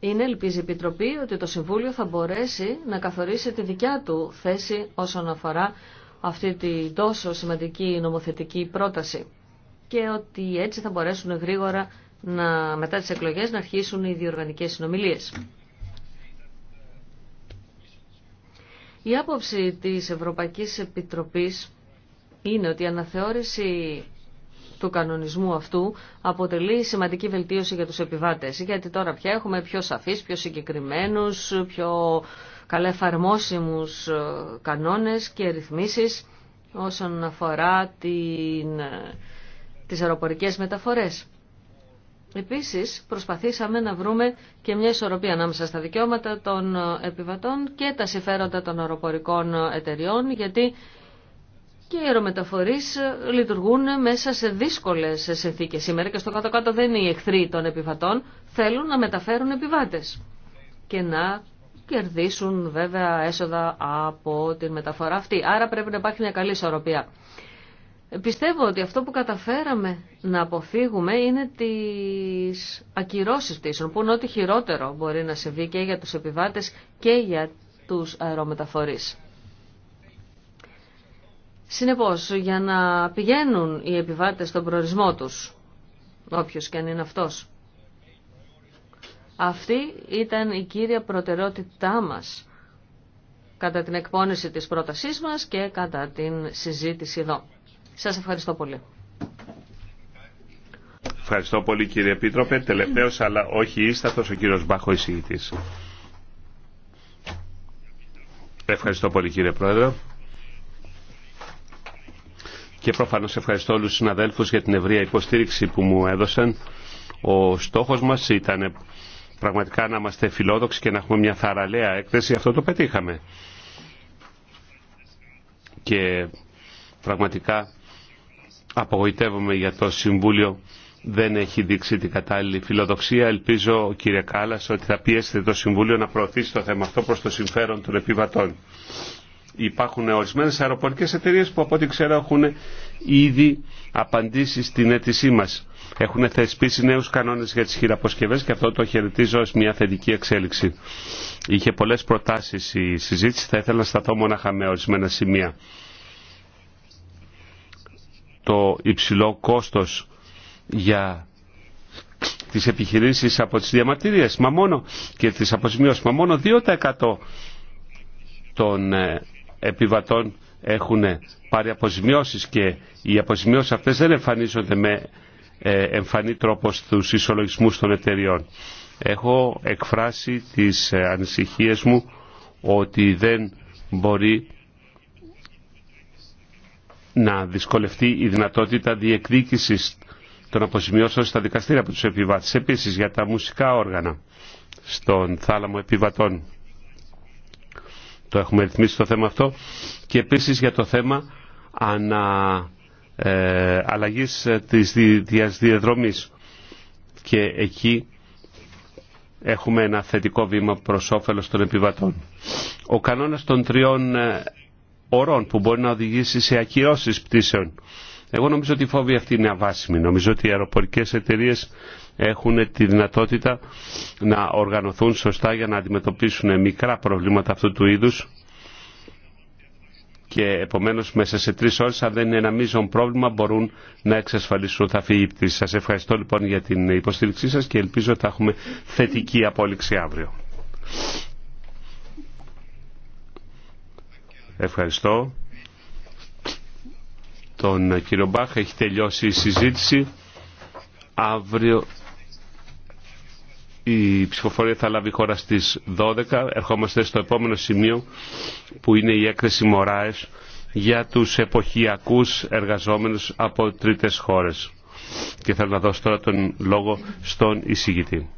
είναι, ελπίζει η Επιτροπή, ότι το Συμβούλιο θα μπορέσει να καθορίσει τη δικιά του θέση όσον αφορά αυτή τη τόσο σημαντική νομοθετική πρόταση και ότι έτσι θα μπορέσουν γρήγορα να, μετά τις εκλογές να αρχίσουν οι διοργανικές συνομιλίες. Η άποψη της Ευρωπαϊκής Επιτροπής είναι ότι η αναθεώρηση του κανονισμού αυτού αποτελεί σημαντική βελτίωση για τους επιβάτες. Γιατί τώρα πια έχουμε πιο σαφείς, πιο συγκεκριμένους, πιο καλά εφαρμόσιμους ε, κανόνες και ρυθμίσεις όσον αφορά την, ε, τις αεροπορικές μεταφορές. Επίσης προσπαθήσαμε να βρούμε και μια ισορροπία ανάμεσα στα δικαιώματα των επιβατών και τα συμφέροντα των αεροπορικών εταιριών γιατί και οι αερομεταφορείς λειτουργούν μέσα σε δύσκολες συνθήκες σήμερα και στο κάτω-κάτω δεν είναι οι εχθροί των επιβατών, θέλουν να μεταφέρουν επιβάτες και να κερδίσουν βέβαια έσοδα από την μεταφορά αυτή. Άρα πρέπει να υπάρχει μια καλή ισορροπία. Πιστεύω ότι αυτό που καταφέραμε να αποφύγουμε είναι τις ακυρώσεις πτήσεων, που είναι ό,τι χειρότερο μπορεί να συμβεί και για τους επιβάτες και για τους αερομεταφορείς. Συνεπώς, για να πηγαίνουν οι επιβάτες στον προορισμό τους, όποιος και αν είναι αυτός, αυτή ήταν η κύρια προτεραιότητά μας κατά την εκπόνηση της πρότασής μας και κατά την συζήτηση εδώ. Σας ευχαριστώ πολύ. Ευχαριστώ πολύ κύριε Επίτροπε. Τελευταίος αλλά όχι ίστατος ο κύριος Μπάχο εισηγητής. Ευχαριστώ πολύ κύριε Πρόεδρε. Και προφανώς ευχαριστώ όλους τους συναδέλφους για την ευρεία υποστήριξη που μου έδωσαν. Ο στόχος μας ήταν πραγματικά να είμαστε φιλόδοξοι και να έχουμε μια θαραλέα έκθεση. Αυτό το πετύχαμε. Και πραγματικά απογοητεύομαι για το Συμβούλιο δεν έχει δείξει την κατάλληλη φιλοδοξία. Ελπίζω, κύριε Κάλλας, ότι θα πιέσετε το Συμβούλιο να προωθήσει το θέμα αυτό προς το συμφέρον των επιβατών. Υπάρχουν ορισμένε αεροπορικέ εταιρείε που από ό,τι ξέρω έχουν ήδη απαντήσει στην αίτησή μα. Έχουν θεσπίσει νέου κανόνε για τι χειραποσκευές και αυτό το χαιρετίζω ω μια θετική εξέλιξη. Είχε πολλέ προτάσει η συζήτηση, θα ήθελα να σταθώ μόναχα με ορισμένα σημεία το υψηλό κόστος για τις επιχειρήσεις από τις διαμαρτυρίες μα μόνο, και τις αποζημιώσεις. Μα μόνο 2% των ε, επιβατών έχουν ε, πάρει αποζημιώσεις και οι αποζημιώσεις αυτές δεν εμφανίζονται με ε, εμφανή τρόπο στους ισολογισμούς των εταιριών. Έχω εκφράσει τις ανησυχίες μου ότι δεν μπορεί να δυσκολευτεί η δυνατότητα διεκδίκησης των αποζημιώσεων στα δικαστήρια από τους επιβάτε. Επίσης για τα μουσικά όργανα στον θάλαμο επιβατών. Το έχουμε ρυθμίσει το θέμα αυτό. Και επίσης για το θέμα ανα, ε, αλλαγής ε, της διαδρομής. Και εκεί έχουμε ένα θετικό βήμα προς όφελος των επιβατών. Ο κανόνας των τριών ε, ορών που μπορεί να οδηγήσει σε ακυρώσει πτήσεων. Εγώ νομίζω ότι η φόβη αυτή είναι αβάσιμη. Νομίζω ότι οι αεροπορικέ εταιρείε έχουν τη δυνατότητα να οργανωθούν σωστά για να αντιμετωπίσουν μικρά προβλήματα αυτού του είδου. και επομένω, μέσα σε τρει ώρε, αν δεν είναι ένα μείζον πρόβλημα μπορούν να εξασφαλίσουν τα φύγη φύγει η πτήση. Σας ευχαριστώ λοιπόν για την υποστήριξή σα και ελπίζω ότι θα έχουμε θετική απόλυξη αύριο. Ευχαριστώ. Τον κύριο Μπάχ έχει τελειώσει η συζήτηση. Αύριο η ψηφοφορία θα λάβει χώρα στις 12. Ερχόμαστε στο επόμενο σημείο που είναι η έκθεση Μωράες για τους εποχιακούς εργαζόμενους από τρίτες χώρες. Και θέλω να δώσω τώρα τον λόγο στον εισηγητή.